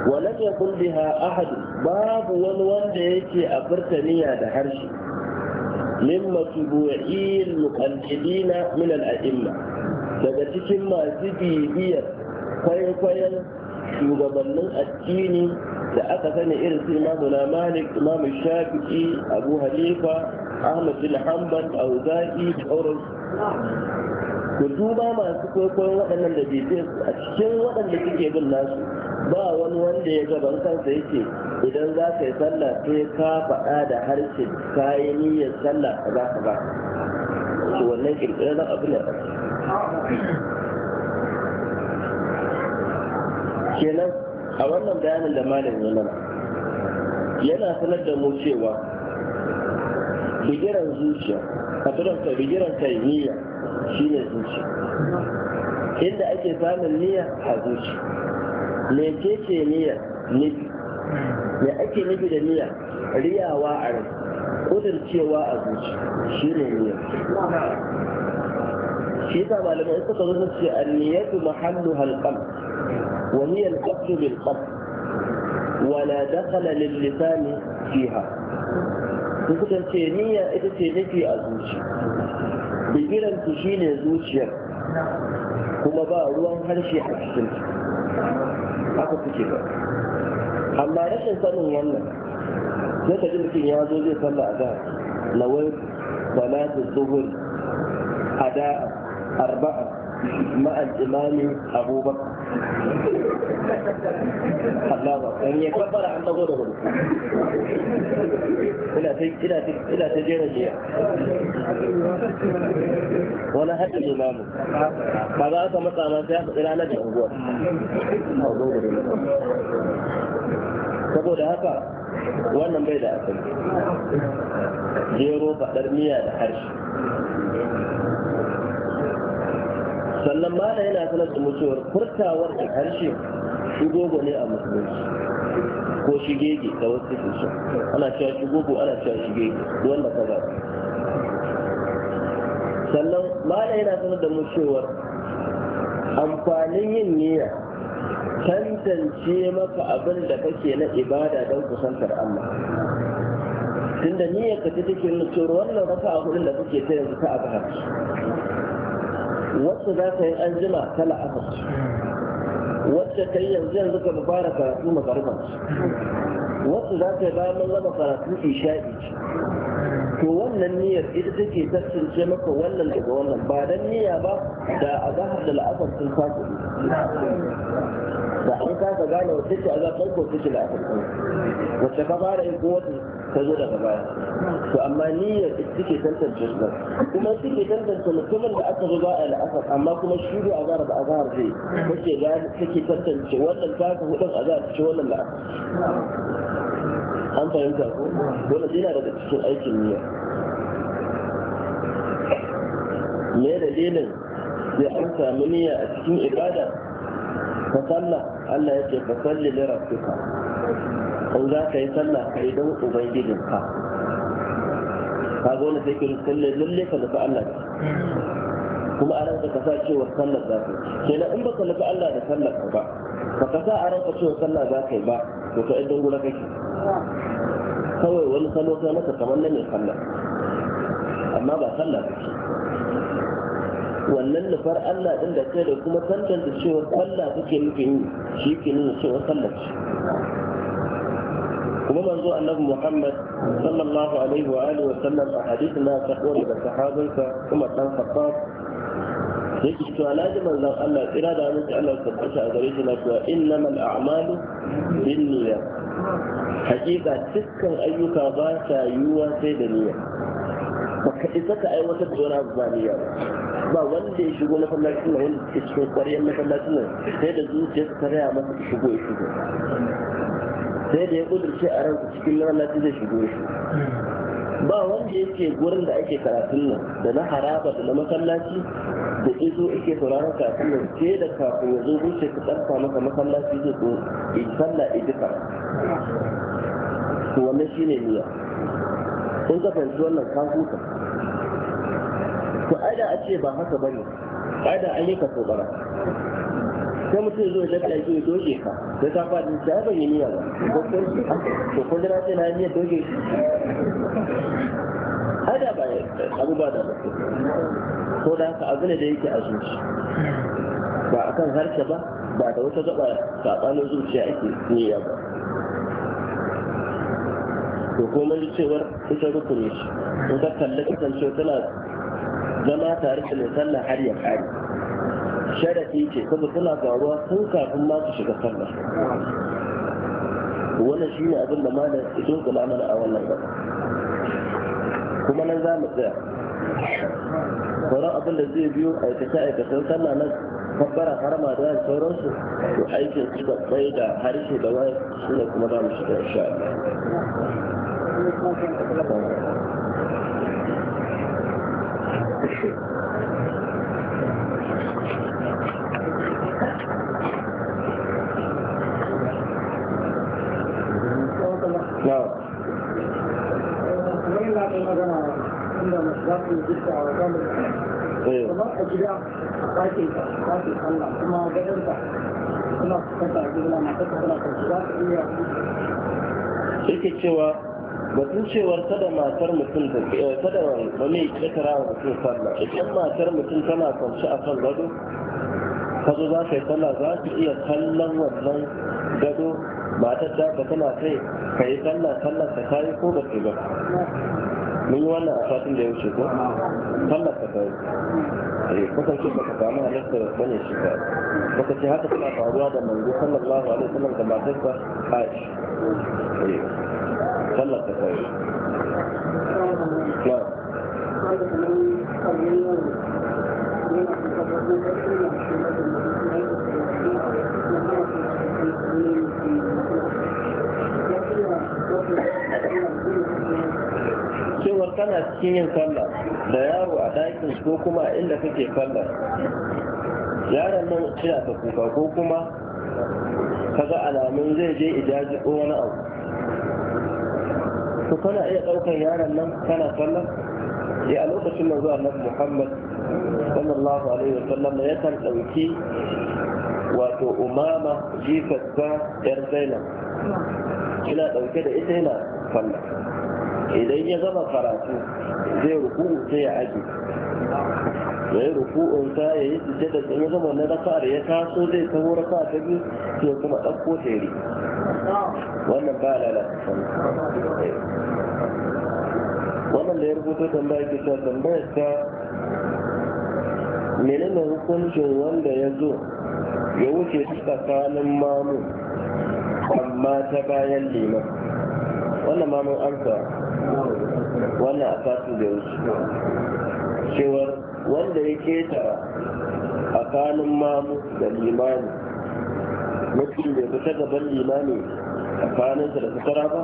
wa lam yakun biha ahad babu wani wanda yake a furtaniya da harshe min matubu'il muqallidina min al-a'imma daga cikin masu bibiyar kwaikwayon shugabannin addini da aka sani irin su imamu na malik imamu shafi'i abu hanifa ahmad bin hanbal auza'i da ku duba masu kwaikwayon waɗannan da bibiyar su a cikin waɗanda suke bin nasu ba wani wanda ya gaban kansa yake idan za ka yi sallah sai ka faɗa da harshe ka yi niyyar sallah a za ka ba su wannan ƙirƙirar abin da kenan a wannan bayanin da malam ya yana sanar da mu cewa bigiran zuciya fatarar tabigiran kai niyya shine zuci inda ake samun niyya a zuci me ce ce niyya nufi me ake nufi da niyya riyawa a rai kudurcewa a zuci shi ne niyya shi ta malamai suka zo ce anniyatu mahallu halqam wa hiya al-qabdu bil qabd ولا دخل للسان فيها da suka ce niyya ita ce nufi a zuci bigiran ki shine zuciyar kuma ba ruwan harshe a cikin haka suke ba amma rashin sanin wannan sai ka ji mutum ya zo zai salla a da lawai salatu zuhur ada arba'a مع الإمام أبو بكر حلاوة يعني يكبر عن ظهوره إلى إلى إلى تجير جيع ولا هدى الإمام ماذا أتى مطعم إلى نجع أبوه saboda haka wannan bai da asali jero faɗar miya da harshe sannan da yana sanar da mutuwar furtawar da harshe shigogo ne a musulunci ko shigege da wasu kusa ana cewa shigogo ana cewa shigege wanda ka ba sannan da yana sanar da mutuwar amfanin yin niyya tantance maka abin da kake na ibada don kusantar Allah tunda niyyar ka ta take nutsuwar wannan raka'a hudun da kake ta yanzu ta abu wacce za ka yi anjima jima ta la'asar wacce ta yi yanzu yanzu ka fara karatu magarba wacce za ka yi bayan mun gama karatu isha'i to wannan niyyar ita take tantance maka wannan daga wannan ba dan niyya ba da a zahar da la'afar sun kasa da an kasa gane wata ce a zafin ko wacce la'afar sun wacce ka fara yin ko wacce ta zo daga baya to amma niyyar ita take tantance ba kuma ita take tantance mutumin da aka zo ba la'afar amma kuma shi a zahar da a zahar zai take gane take tantance wannan ta ka hudun ta ce wannan la'afar an fahimta ko dole yana daga cikin aikin niyya me dalilin sai an samu niyya a cikin ibada ka sallah Allah ya ce ka salli li rabbika in za ka yi sallah ka yi don ubangijinka ka ga wani sai ka lalle ka nufi Allah kuma a ranka ka sa cewa sallar za ka yi kenan in baka nufi Allah da sallar ka ba ka sa a ranka cewa sallah za ka yi ba to ka idan gura kake kawai wani salo kai maka kamar na mai kalla, amma ba kalla ba ce wannan nufar Allah din da kai da kuma tantance cewa kalla suke nufin shi ke nuna cewa kalla ce kuma manzo annabi Muhammad sallallahu alaihi wa alihi wa sallam a hadisin na sahabo da sahabansa kuma dan Khattab ki cewa na ji manzon Allah tsira da aminci Allah su tabbata a gare shi na cewa innamal a'malu binniyat hakika dukkan ayyuka ba sa yiwuwa sai da niyya baka isa ka aiwatar da wani abu ba niyya ba wanda ya shigo na masallacin nan wanda ke cikin na masallacin nan sai da zuciyarsa ta raya masa shigo ya shigo sai da ya kudurce a ransa cikin lalaci zai shigo shi ba wanda yake gurin da ake karatun nan da na haraba da na masallaci da izo yake sauraron kafin da ke da kafin ya zo zuciya ka ɗarfa maka masallaci zai ko in sallah idika to wannan shine niyya kun ka fahimci wannan ka huta to aida a ce ba haka bane aida an yi ka tsogara sai mutum zo ya tafiya ya doge ka da ta faɗi ta ban yi niyya ba to kun jira sai na niyyar doge hada ba abu ba da mutum ko da haka abin da yake a zuci ba a kan harshe ba ba da wata gaba saɓanin zuciya ake niyya ba to kuma ji cewar ita rukuni shi in ka kalli kasancewa tana zama tare da mai sallah har ya kare sharafi ce saboda tana faruwa tun kafin ma su shiga sallah wannan shi ne abin da malam ido ga mana a wannan gaba kuma nan za mu tsaya sauran abin da zai biyo aikace aikacen sallah na kabbara harama da sauransu to aikin su da tsaye da harshe da wani su ne kuma za mu shiga insha Allah a eh. kuma suna yake cewa batun cewar tada matar mutum ta tada eh, wani ya kira wa mutum sallah idan matar mutum tana kwanci a kan gado ka zo za ka yi sallah za ka iya kallon wannan gado matar da ka tana kai ka yi sallah sallah ta kayi ko ba ba mun yi wannan a satin da ya wuce ko sallar ka ta yi kusan ce baka samu halittar bane shi ka baka ce haka tana faruwa da manzo sallallahu alaihi wasallam da matarsa Aisha sallar ka ta yi Thank you. cewar kana cikin yin sallah da yaro a ɗakin ko kuma a inda kake sallah yaron nan ina ta kuka ko kuma kaga alamun zai je ijaji ko wani abu to kana iya ɗaukar yaron nan kana sallah ya eh, a lokacin nan zuwa na muhammad sallallahu alaihi wa sallam ya kan ɗauki wato umama ta yar zainab ina ɗauke da ita yana sallah idan ya gama karatu zai ruku sai ya aji ya yi ruku'un ta ya yi sujjad da ya zama na da ya taso zai taho raka ta biyu sai kuma ɗauko ta yi wannan ba lalata wannan da ya rubuta tambaya ke sa tambaya ta menene hukuncin wanda ya zo ya wuce tsakanin mamu amma ta bayan liman wannan mamun amsa wannan a fatin da wuce cewar wanda ya keta a kanin mamu da limani mutum bai fita gaban limani a kanin sa da fitara ba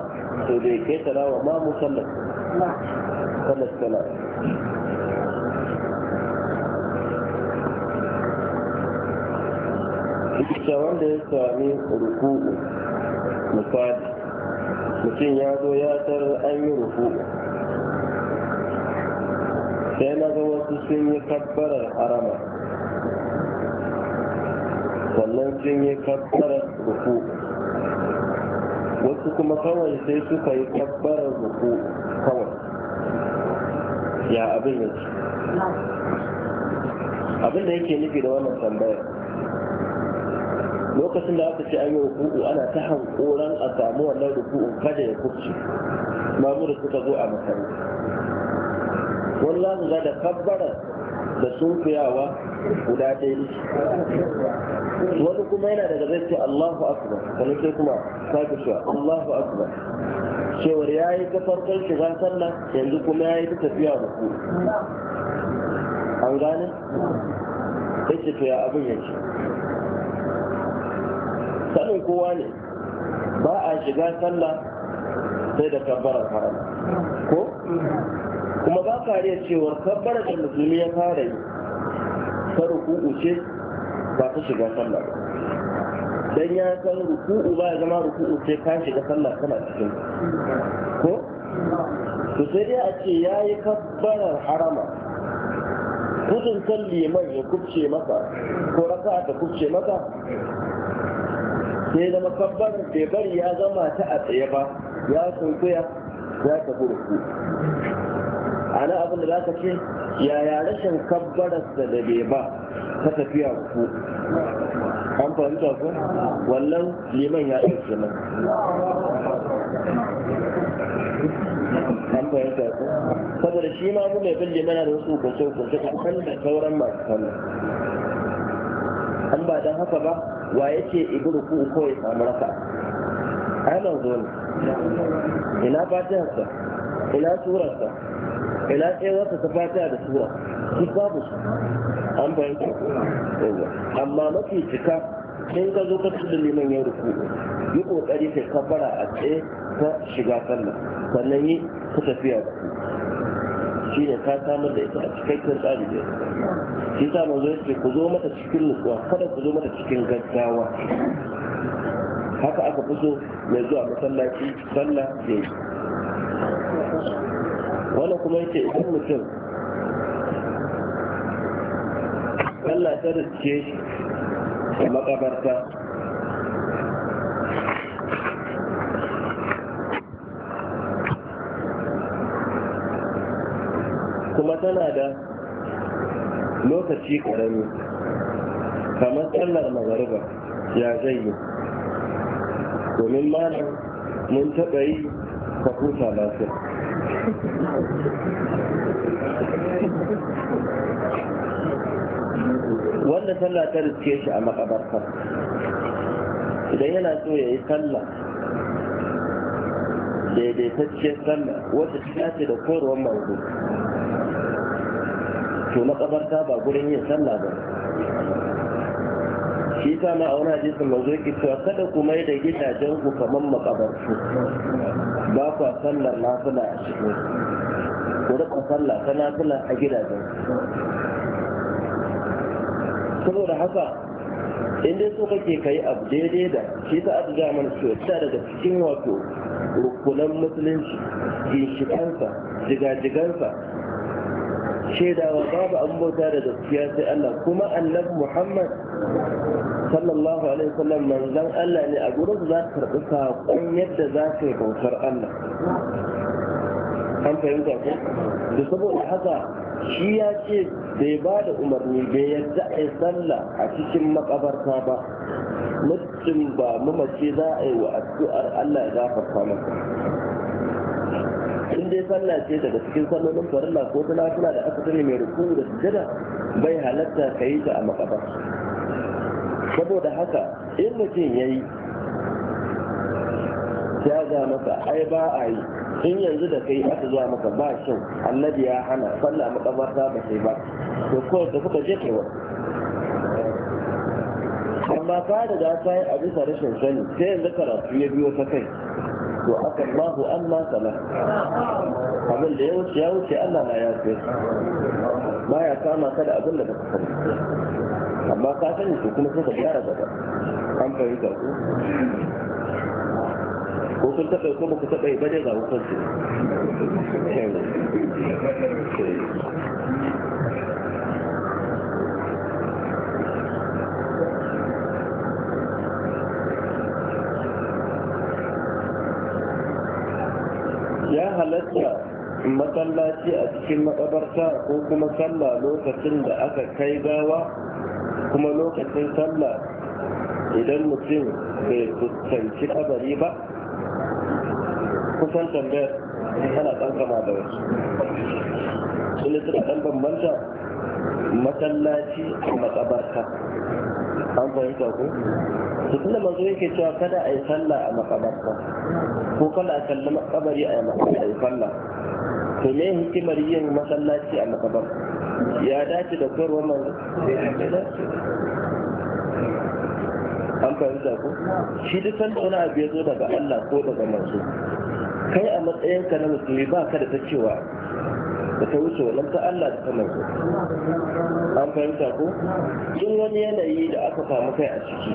da ya keta rawa mamu sallar sana sallar ita wanda ya sami ruku misali mutum ya zo ya tarar an yi ruku'u sai na ga wasu sun yi kabbarar harama sannan sun yi kabbarar ruku wasu kuma kawai sai suka yi kabbarar ruku kawai ya abin ya ce abin da yake nufi da wannan tambayar lokacin da aka ce an yi ruku'u ana ta hankoran a samu wannan ruku'un kada ya kubce mamuru suka zo a masarufi wannan ga da kabbara da sunkuyawa guda ɗaya ne wani kuma yana daga zai ce Allahu Akbar wani sai kuma sake cewa Allahu Akbar cewar ya yi ta farkon shiga sallah yanzu kuma ya yi ta tafiya da ku an gane ya ce to ya abin ya ce sanin kowa ne ba a shiga sallah sai da kabbarar haram ko kuma ba ka riya cewa kabbara da musulmi ya fara yi ta ruku'u ce ba ta shiga sallah dan ya san ruku'u ba ya zama ruku'u ce ka shiga sallah kana cikin ko to sai dai a ce ya yi kabbarar harama kudin kan liman ya kubce maka ko raka ta kubce maka? sai zama kabbarar bai bari ya zama ta a tsaye ba ya kuya ya tafi ruku'u ma'ana abin da za ka ce yaya rashin kabbaras da bai ba ta tafiya ku an fahimta ku wannan liman ya iya suna an fahimta ku saboda shi ma mu mai bin liman da wasu kwace kwace a kan da sauran masu sallah an ba don haka ba wa yake ibi ku ko ya samu raka ai manzo ne ina fatihar ina surarsa ila tsayawarsa ta fata da suwa su babu su an yawa amma mafi cika sai ka zo ka da liman ya ruku yi kokari ka kabara a tsaye ta shiga sallah sannan yi ku tafiya da ku shi ne ka samar da ita a cikakken tsari da shi sa manzo ya ce ku zo mata cikin nutsuwa kada ku zo mata cikin gaggawa haka aka fi so mai zuwa masallaci sallah da wani kuma yake idan mutum Allah ta rike shi a makabarta kuma tana da lokaci ƙarami kamar tsallar magariba ya zai yi domin malam mun taɓa yi ka lafiya wanda sallah ta riske shi a makabarta idan yana so ya yi sallah daidaitacciyar sallah wata ta ce da koyarwar mawudu to makabarta ba gurin yin sallah ba shi ta ma a wani hadisin manzo yake cewa kada ku mai da gidajen ku kamar makabarsu ba ku sallar nafila a cikin ku rika sallah ta nafila a gidajen saboda haka in dai so kake kai abu daidai da shi ta abu ga mana cewa ta daga cikin wato rukunan musulunci ginshikansa jigajigansa shaidawa babu an bauta da gaskiya sai Allah kuma annabi Muhammad sallallahu alaihi wasallam manzon Allah ne a gurin za ka karɓi saƙon yadda za ka yi bautar Allah an fahimta ko da saboda haka shi ya ce bai ba da umarni bai yadda a yi sallah a cikin makabarta ba mutum ba mamace za a yi wa addu'ar Allah ya gafarta masa in dai sallah ce daga cikin sallolin farilla ko tana da aka sani mai rukun da sujada bai halatta ka yi ta a makabarta saboda haka in mutum ya yi ya za maka ai ba a yi in yanzu da kai aka zuwa maka ba shin annabi ya hana sallah makabarta ba sai ba to ko da kuka je kewa amma ka da za ka yi a bisa rashin sani sai yanzu karatu ya biyo ta kai to aka Allahu amma sala abin da ya wuce ya wuce Allah na ya ce ba ya kama ka da abin da ka sani amma ka sani to kuma sai ka gyara gaba an fahimta ku ko kun taɓa ko ba ku taɓa yi ba dai ga hukunci ya halatta masallaci a cikin makabarta ko kuma sallah lokacin da aka kai gawa kuma lokacin sallah idan mutum bai fuskanci kabari ba kusan tambayar tana ɗan kama da wasu sun suka ɗan bambanta masallaci a makabarta an fahimta ko su tunda mazo yake cewa kada a yi sallah a makabarta ko kada a kalli makabari a yi sallah to ne hikimar yin masallaci a makabarta ya dace da koyarwar manzo an fahimta ko shi duk san tsona abu ya zo daga Allah ko daga manzo kai a matsayinka na musulmi ba ka da ta cewa da ta wuce wannan ta Allah da ta manzo an fahimta ko in wani yanayi da aka samu kai a ciki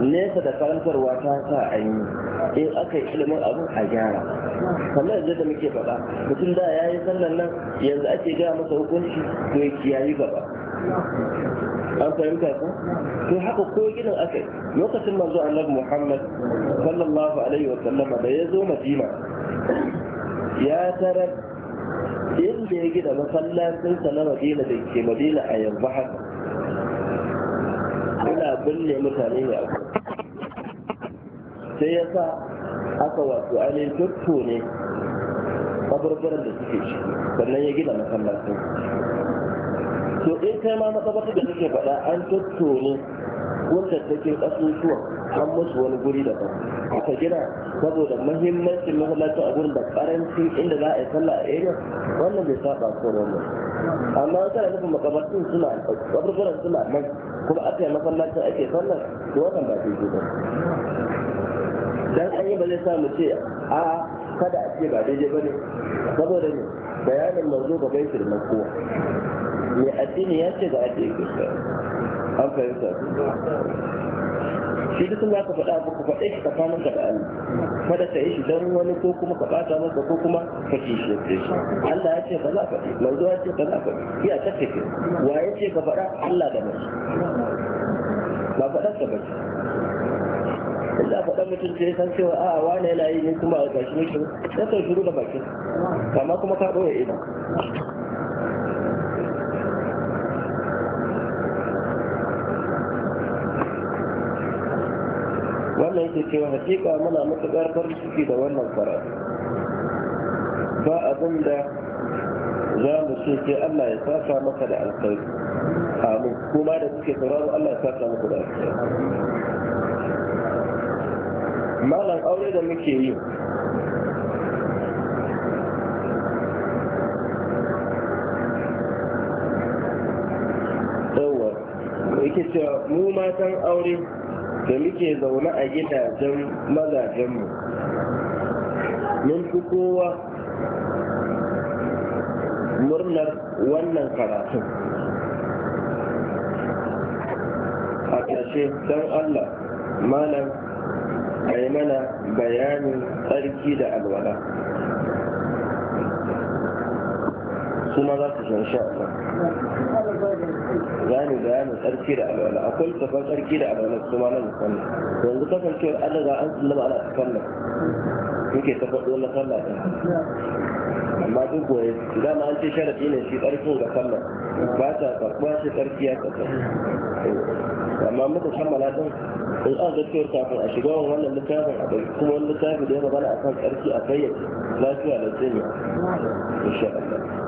nesa da karantarwa ta sa a yi in aka yi ilimin abu a gyara kamar yanzu da muke faɗa mutum da ya yi sallan nan yanzu ake gaya masa hukunci to ya yi gaba an fahimta ko to haka ko gidan aka lokacin manzo annabi muhammad sallallahu alaihi wa sallama da ya zo madina ya tarar inda ya gina masallacinsa na madina da ke madina a yanzu haka ina binne mutane ne abu sai ya sa aka wato ainihin tuttu ne kaburburan da suke shi sannan ya gina masallacin to in kai ma matsabata da suke faɗa an tuttu ne wanda take ƙasusuwa an musu wani guri da aka gina saboda muhimmancin masallacin a gurin da karanci inda za a yi sallah a area wannan bai saba ko wannan amma kana nufin makabartun suna kaburburan suna nan kuma aka yi masallacin ake sallar to wannan ba daidai ba dan an yi ba zai samu ce a kada a ce ba daidai ba ne saboda ne bayanin manzo ga bai shirma kowa mai addini ya ce ga ake yi an fahimta shi duk za ka faɗa ku faɗe shi tsakanin ka da Allah kada ka yi shi don wani ko kuma ka ɓata masa ko kuma ka kishe shi Allah ya ce ka za faɗi manzo ya ce ka za faɗi iya ta tafi wa ya ce ka faɗa Allah da mai ba faɗa ka bace Allah faɗa mutum sai san cewa a wane yana yi ne kuma a gashi ne shi sai ka shiru da bakin kama kuma ka ɗora ido wannan yake cewa hakika muna matuƙar farin ciki da wannan karatu ba abin da za mu ce ke Allah ya saka maka da alkhairi amin kuma da suke sauraro Allah ya saka maka da alkhairi malam aure da muke yi yake cewa mu matan aure da muke zaune a gidajen mazajenmu mun fi kowa murnar wannan karatun a ƙarshe don allah malam yi mana bayanin tsarki da alwala suna za su shan sha za mu bayanin tsarki da alwala akwai tafar tsarki da alwala su ma na musamman yanzu kasancewar an riga an sallama ana sallah muke tafar faɗo na sallah ɗin amma duk goye dama an ce sharaɗi ne shi tsarkin ga sallah ba ta karɓa shi tsarki ya kasa amma muka kammala ɗin in an ga cewar kafin a shiga wa wannan littafin a ɗauki kuma wani littafi da ya magana kan tsarki a fayyace lafiya da tsiniya insha Allah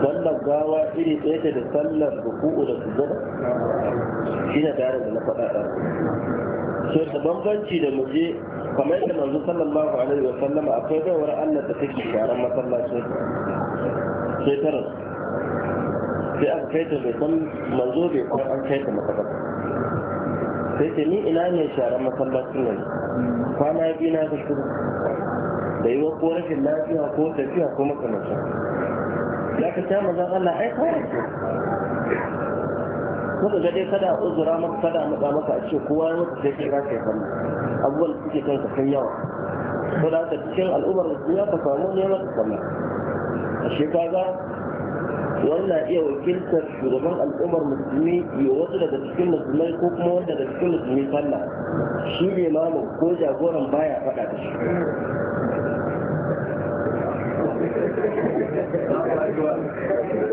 sallar gawa iri ɗaya ce da sallar ruku'u da sujjada shi ne tare da na faɗa ɗan so da bambanci da muje kamar yadda manzo sallallahu alaihi wa sallama akwai baiwar Allah da take sharan masallacin sai ta sai aka kai ta bai san manzo bai kuma an kai ta masallaci sai ta ni ina ne sharan masallacin nan kwana biyu na ta shiru da yi wa ko rashin lafiya ko tafiya ko makamashin ya ka ta manzan Allah ai kawai muka da dai kada a uzura maka kada a matsa maka a ce kowa ya mutu sai kai ka kai sallah abubuwan da suke kanka sun yawa ko da haka cikin al'ummar duniya ka samu maka sallah a shekara wannan iya wakiltar shugaban al'ummar musulmi ya wasu daga cikin musulmai ko kuma wanda daga cikin musulmi sallah shi ne mamu ko jagoran baya faɗa da shi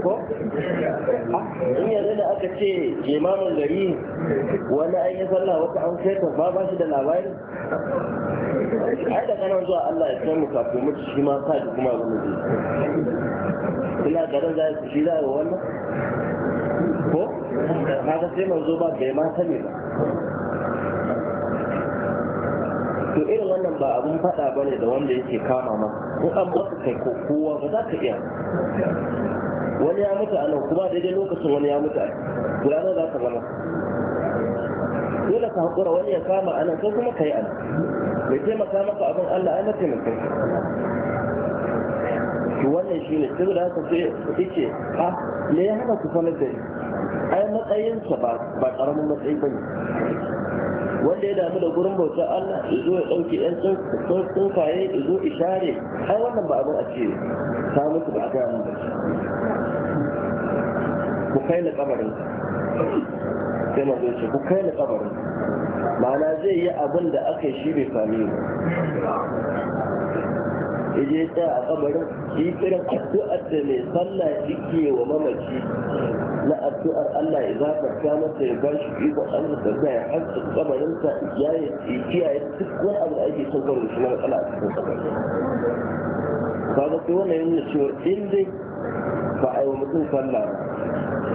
ko in yanzu da aka ce limamin gari wani an yi sallah wata an ta ba ba shi da labari ai da kanan zuwa Allah ya san mu kafin mu shi ma ka ji kuma abin da ina garin shi za ga wannan ko kaga sai zo ba bai ma sani ba to irin wannan ba abin faɗa ba ne da wanda yake kama ma in an baka kai ko kowa ba za ka iya wani ya mutu a nan kuma daidai lokacin wani ya mutu a gudana za ka zama dole ka haƙura wani ya kama a nan sai kuma ka yi a nan mai taimaka maka abin allah ai mataimakin to wannan shi ne sai da haka sai ce a ah, me ya hana ku sanar da ni ai matsayinsa ba ba ƙaramin matsayi ba ne wanda ya damu da gurin bautar Allah ya zo ya ɗauki ɗan tsuntsaye ya zo share ai wannan ba abin a ce ta mutu ba a gaya mun ku kai na kabarin sai manzo ce ku kai na kabarin ma'ana zai yi abin da aka yi shi bai fami ba Ije ta a kabarin shi irin addu'ar da mai sallah yake wa mamaci na addu'ar Allah ya gafarta masa ya bashi iko Allah da zai hasa kabarinsa ya yi kiyaye duk wani abu da ake son karo shi na matsala a cikin kabarin kaga sai wannan yana cewa in dai ba a yi wa mutum sallah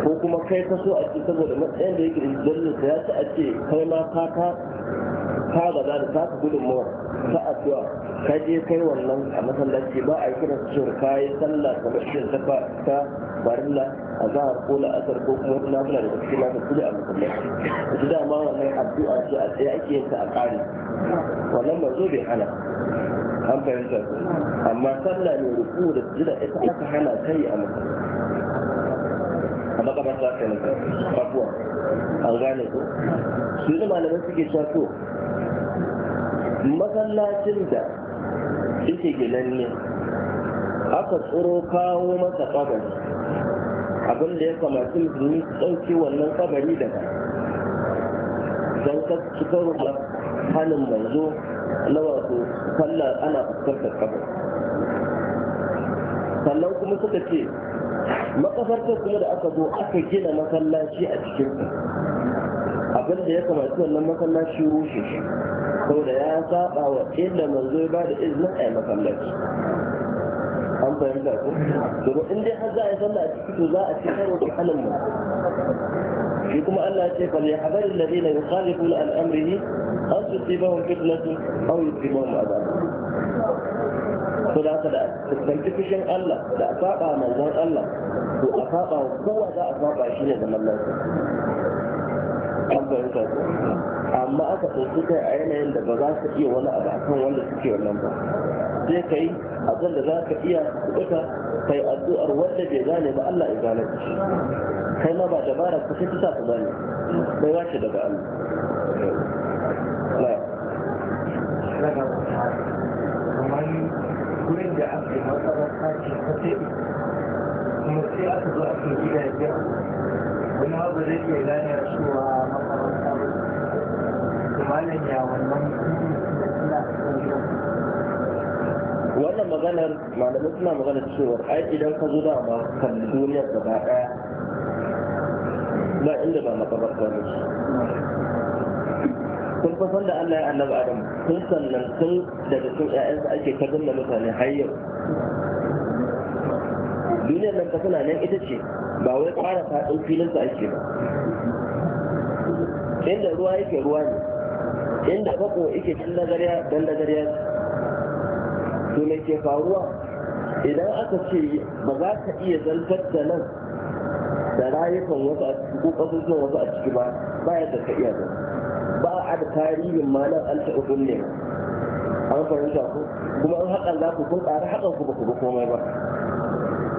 ko kuma kai ka so a ce saboda matsayin da yake da dalilin ya ci a ce kai ma ka ka ka gaza da taka gudunmawar ta addu'a ka je kai wannan a masallaci ba a yi kiran su kayi sallah kamar irin ta ta barilla a zahar ko la'asar ko kuma wata nafila da cikin nasa su a masallaci ita dama wannan addu'a ce a tsaye ake yin ta a ƙari wannan ba zo bai hana an fahimta amma sallah ne ruku da jira ita aka hana kai a masallaci a makabarta kenan abuwa an gane ko su da malamai suke cewa masallacin da gidan ne aka tsoro kawo masa kabari abin da ya kamata su yi ɗauki wannan kabari daga don su karo da hannun manzo na wato kalla ana fuskantar kabari sannan kuma suka ce makafarta kuma da aka zo aka gina masallaci a cikin abin da ya kamata wannan masallaci rushe shi saboda ya saba wa inda manzo ya ba da izinin a yi masallaci an fahimta ko domin in dai har za a yi sallah a ciki to za a ci karo da halin mu shi kuma Allah ya ce fal yahzar alladhina yukhalifuna an amrihi an tusibahum fitnatun aw yusibahum adab to da haka da tantance fushin Allah da a saba manzon Allah to a saba kowa za a saba shi ne zaman lafiya an fahimta ko amma aka ɗauki kai a yanayin da ba za ka iya wani abu kan wanda suke wannan ba sai ka yi abin da za ka iya kuɓuta ka yi addu'ar wanda bai gane ba Allah ya gane shi kai ma ba dabara ka sai sa ka gane bai wace daga Allah Allah gurin da aka yi kuma sai aka zo a cikin gidajen wani ma ba zai iya gane cewa matsarata ba wannan maganar malamai suna maganar cewa ai idan ka zo ma kan duniya gaba daya ba inda ba ba ne kun fasan da Allah ya annabi Adam kun sannan sun daga sun ƴaƴansa ake ta da mutane har yau duniyar nan ka suna nan ita ce ba wai ƙara faɗin filinsa ake ba inda ruwa yake ruwa ne inda fako ike cin nazariya don nazariya su mai ke faruwa idan aka ce ba za ka iya zartar da nan da rayukan wasu a ciki ko ƙasusuwan wasu a ciki ba ba da ka iya zartar ba a da tarihin ma nan an taɓa kunne an fahimta ko kuma an haɗa za ku kun ƙara haɗa ku ba ku ba komai ba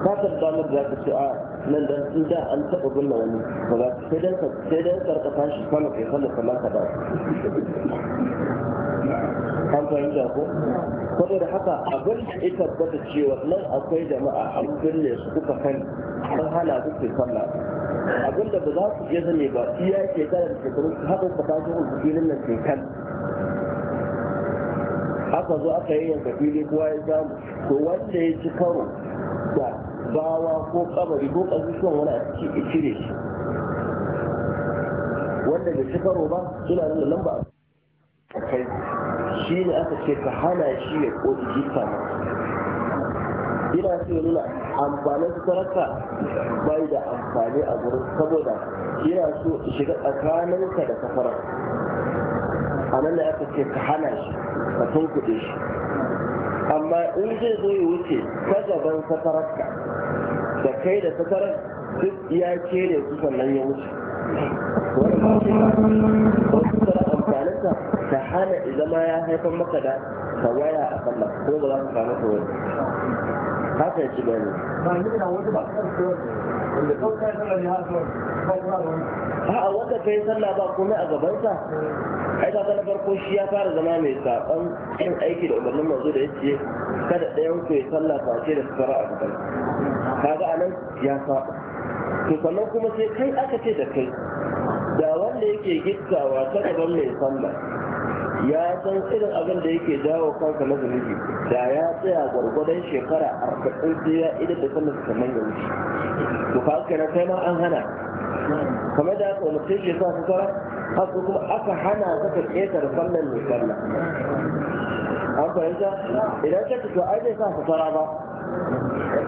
ka san damar da ka ce a nan da in da an taɓa gulla wani ba za sai dan sai dan karkata shi kana kai kana kana ka ba an fahimta ko saboda haka abin da ya tabbata cewa nan akwai jama'a an binne su kuka kan an hana su ke sallah abin da ba za su iya zane ba iya ke tare da shekaru su haɗa ka tashi hulɗu filin nan ke kan aka zo aka yi yanka fili kowa ya samu to wanda ya ci karo da gawa ko kabari ko son wani a ciki cire shi wanda bai shekaru ba suna nuna lamba a kai shi ne aka ce ka hana shi ya ƙoƙi jika ina so ya nuna amfanin saraka bai da amfani a gurin saboda ina so shiga tsakaninka da safarar a nan da aka ce ka hana shi ka tunkuɗe shi amma in zai zo ya wuce ta gaban sakararka da kai da sakarar duk ya kere su sannan ya wuce wani ba ta hana zama ya haifar maka da tawaya a sallah ko ba za ka samu ba ta ci gani a wanda ka yi sallah ba komai a gabansa ai ka na farko shi ya fara zama mai saɓan yin aiki da umarnin manzo da yace kada ɗayan ku ya sallah face da sufara a gaban kaga anan ya saɓa to sannan kuma sai kai aka ce da kai da wanda yake gittawa ta gaban mai sallah ya san irin abin da yake jawo kansa na zunubi da ya tsaya gwargwadon shekara arba'in sai ya idan da sallar sa kamar ya wuce to ka aka kai ma an hana kamar da aka umarce shi sa su sara haka kuma aka hana ka ka ƙetare sallar mai sallah an fahimta idan ka fito ai zai sa su fara ba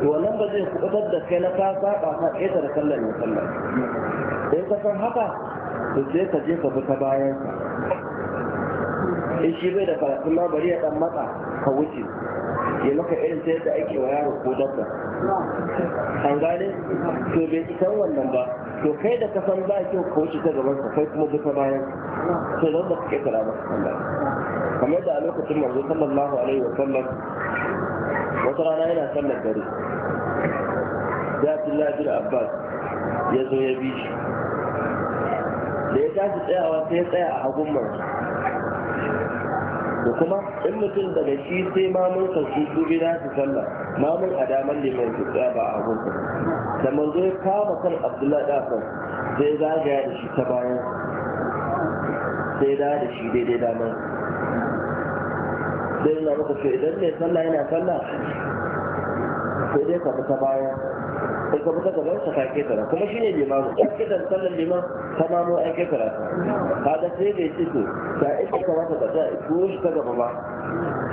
wannan ba zai kubutar da kai na ka saba ka ƙetare sallar mai sallah in ka san haka to sai ka je ka bi ta bayan in shi bai da karatun ma bari ya dan matsa ka wuce ya maka irin ta yadda ake wa yaro ko dabba an gane to bai san wannan ba to kai da kasan ba kyau ka wuce ta gaban ka kai kuma duka bayan to zan da kake kira ba kamar da a lokacin manzo sallallahu alaihi wa sallam wata rana yana sallar dare da Abdullahi bin Abbas ya zo ya bi shi da ya tashi tsayawa sai ya tsaya a hagun manzo da kuma in mutum daga shi sai mamun ka su su na su sallah mamun a damar liman su tsaya ba a hukunta, da manzo ya kama kan abdullahi dafan sai zagaya da shi ta bayan sai da da shi daidai damar sai yana maka so idan mai sallah yana sallah sai dai ka ta bayan sai ka fita gaban sa ka ketara kuma shine limamu in kitan sallan liman ta mamu an ketara ta kaga sai bai ci to da ita kamata ka ta ko shi ta gaba ba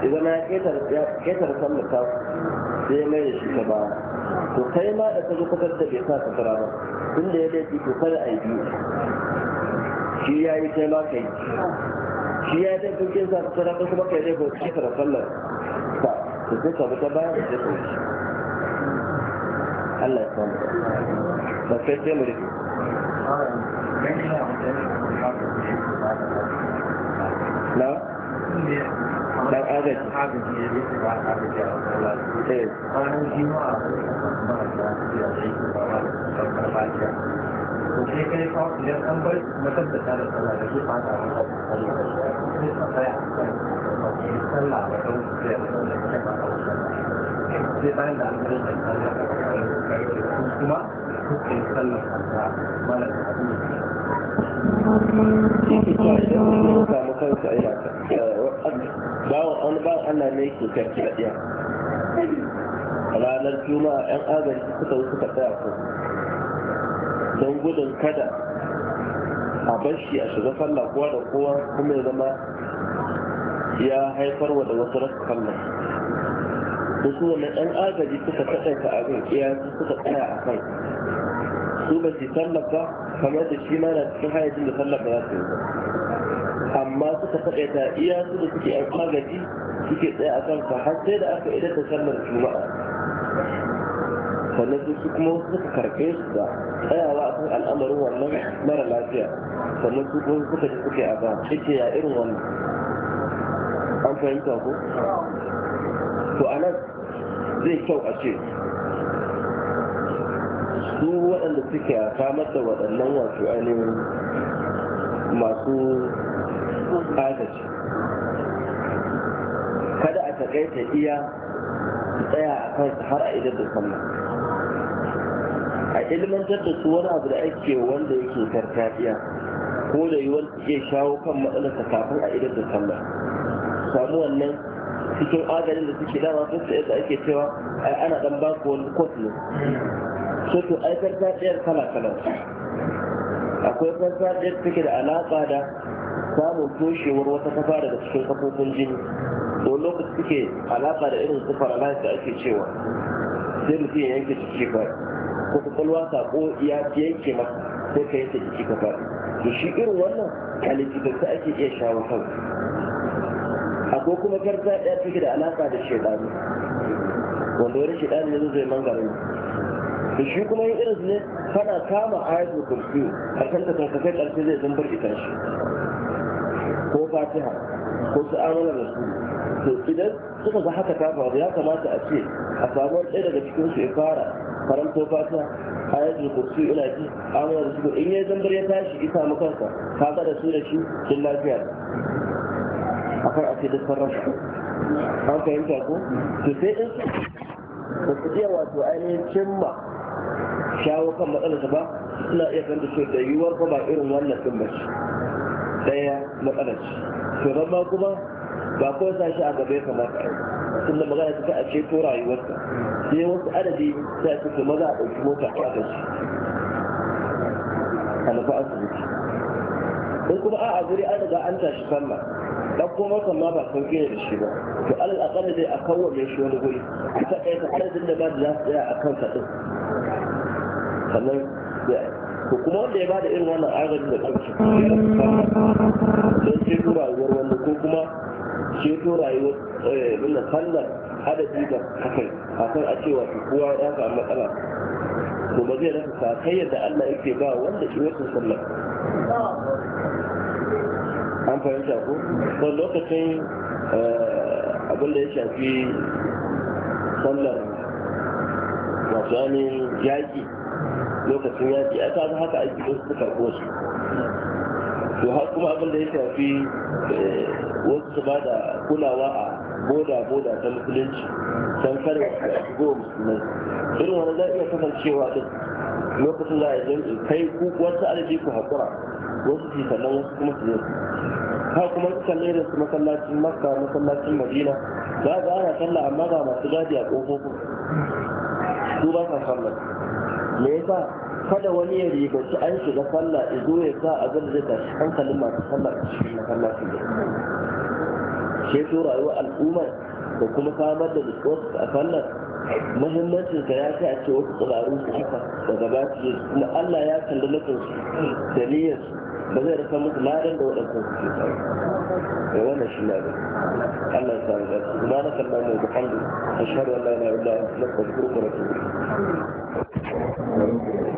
idan ya ketara ya ketara sallar ta sai mai da shi ta ba to kai ma da ka zo fitar da bai sa ka tara ba tunda ya laifi to kada a yi biyu shi ya yi kai ma kai shi ya yi kuke kin sa ka tara kuma kai laifin ketara sallar ta to sai ka fita bayan da ta Allah ya samu ba sai sai mu rufe na dan agaji kwanan jima'a to ta kai fa idan an bar matabbata da sallah da ke fata a sai a ba sallah da kan sai a sallah da ta fata a sai bayan da an bar sallah su kuma suka yi sallar kanta mara da abin samu kansa yana bawon wani bawon Allah ne ke karki da ɗiya ranar juma'a 'yan agaji suka wuce ka tsaya ko don gudun kada a bashi a shiga sallah kowa da kowa kuma ya zama ya haifar wa da wasu rasa sallah da su wannan ɗan agaji suka kaɗaita abin iyasu suka tsaya a kan su ba su tallafa ba kamar da shi ma na cikin hayajin da tallafa ba za su yi ba amma suka ta iyasu da suke ɗan agaji suke tsaya a kansa har sai da aka idan ta sallar juma'a sannan su kuma suka karɓe su da tsayawa a kan al'amarin wannan mara lafiya sannan su kuma suka ji suke a ba ita ya irin wannan an fahimta ko to a nan zai kyau a ce su waɗanda suke samar da waɗannan wasu ainihin masu agaci kada a ta iya tsaya a kan har a idan da sallah a ilmantar da su wani abu da ake wanda yake tarkafiya ko da yiwuwar iya shawo kan matsalarsa kafin a idan da sallah samu wannan cikin agajin da suke dama sun tsaye da ake cewa ai ana dan baku wani kot ne so to ai farfadiyar kala kala akwai farfadiyar take da alaƙa da samun toshewar wata kafa daga cikin kafofin jini to lokacin suke alaƙa da irin su paralysis da ake cewa sai mutum ya yanke jiki ba ko kwakwalwa sako ya yanke masa sai ka yanke jiki ka faɗi to shi irin wannan a ake iya shawo kansu ko kuma ya take da alaƙa da shekaru wanda wani shekaru ne zai mangare da shi kuma yin irin ne kana kama ayatul a kan ta kankakai karshe zai zumbar ikan shi ko fatiha ko su amana da su to idan suka ga haka ta faru ya kamata a ce a samuwar ɗaya daga cikin su ya fara karanto fatiha ayatul kursi ina ji amana da su in ya zambar ya tashi isa mu kansa ka da su da shi sun lafiya أقرأ في قصة الرجل أو فهمت أقول تسئل وفتية وتؤالي تشمع شاو كم أنا سبا لا يفند السودة يوار أنا إيرو مولا تمش دايا مطلع في غمى كما باقوة ساشا عقبية كما تعلم ثم مغالا تفاق الشيء كورا يوارك دي وقت أنا دي ساتك مدى وشموت أحوال الشيء أنا فأصدك إنكم أعبري أنا دا أنت شفاما ɗauko motar ma ba sauƙi ne da shi ba to alal aƙalla dai a kawo mai shi wani guri ita ɗaya ta adadin da ba da za su tsaya a kansa ɗin sannan ko kuma wanda ya ba da irin wannan agaji da ƙarfi don ceto rayuwar wani ko kuma ceto rayuwar wannan eh, sallar adadi da hakan akan a cewa kowa ya samu matsala to ba zai rasa kai da Allah yake ba wanda shi wata sallar an fahimta ko don lokacin eh, abin da ya shafi sallar wasu yanin yaƙi lokacin yaƙi a ta haka a gidan su karɓo su to har kuma abin da ya shafi eh, wasu su ba da kulawa a boda-boda ta musulunci don kare a shigo musulmai irin wani za iya kasancewa duk lokacin za a yi kai ku wasu alaji ku haƙura wasu su sannan wasu kuma su ha kuma su kalle da su masallacin makka masallacin madina za ga ana sallah amma ga masu gadi a ƙofofin su ba sa sallah me yasa kada wani ya riga shi an shiga sallah ya zo ya sa abin da zai tashi hankalin masu sallah a cikin masallacin da shi to rayuwar al'ummar da kuma samar da nutsuwar a sallar muhimmancin ka ya kai a ce wasu tsararru su haka daga ba su kuma Allah ya kalli nufin su da niyyar su ba zai rasa musu ladan da waɗansu suke samu ya eh, wannan shi ladan Allah ya samu gasu ba na kalla mai buhamdu a shahar wallahi na illa na kwakwurkwar su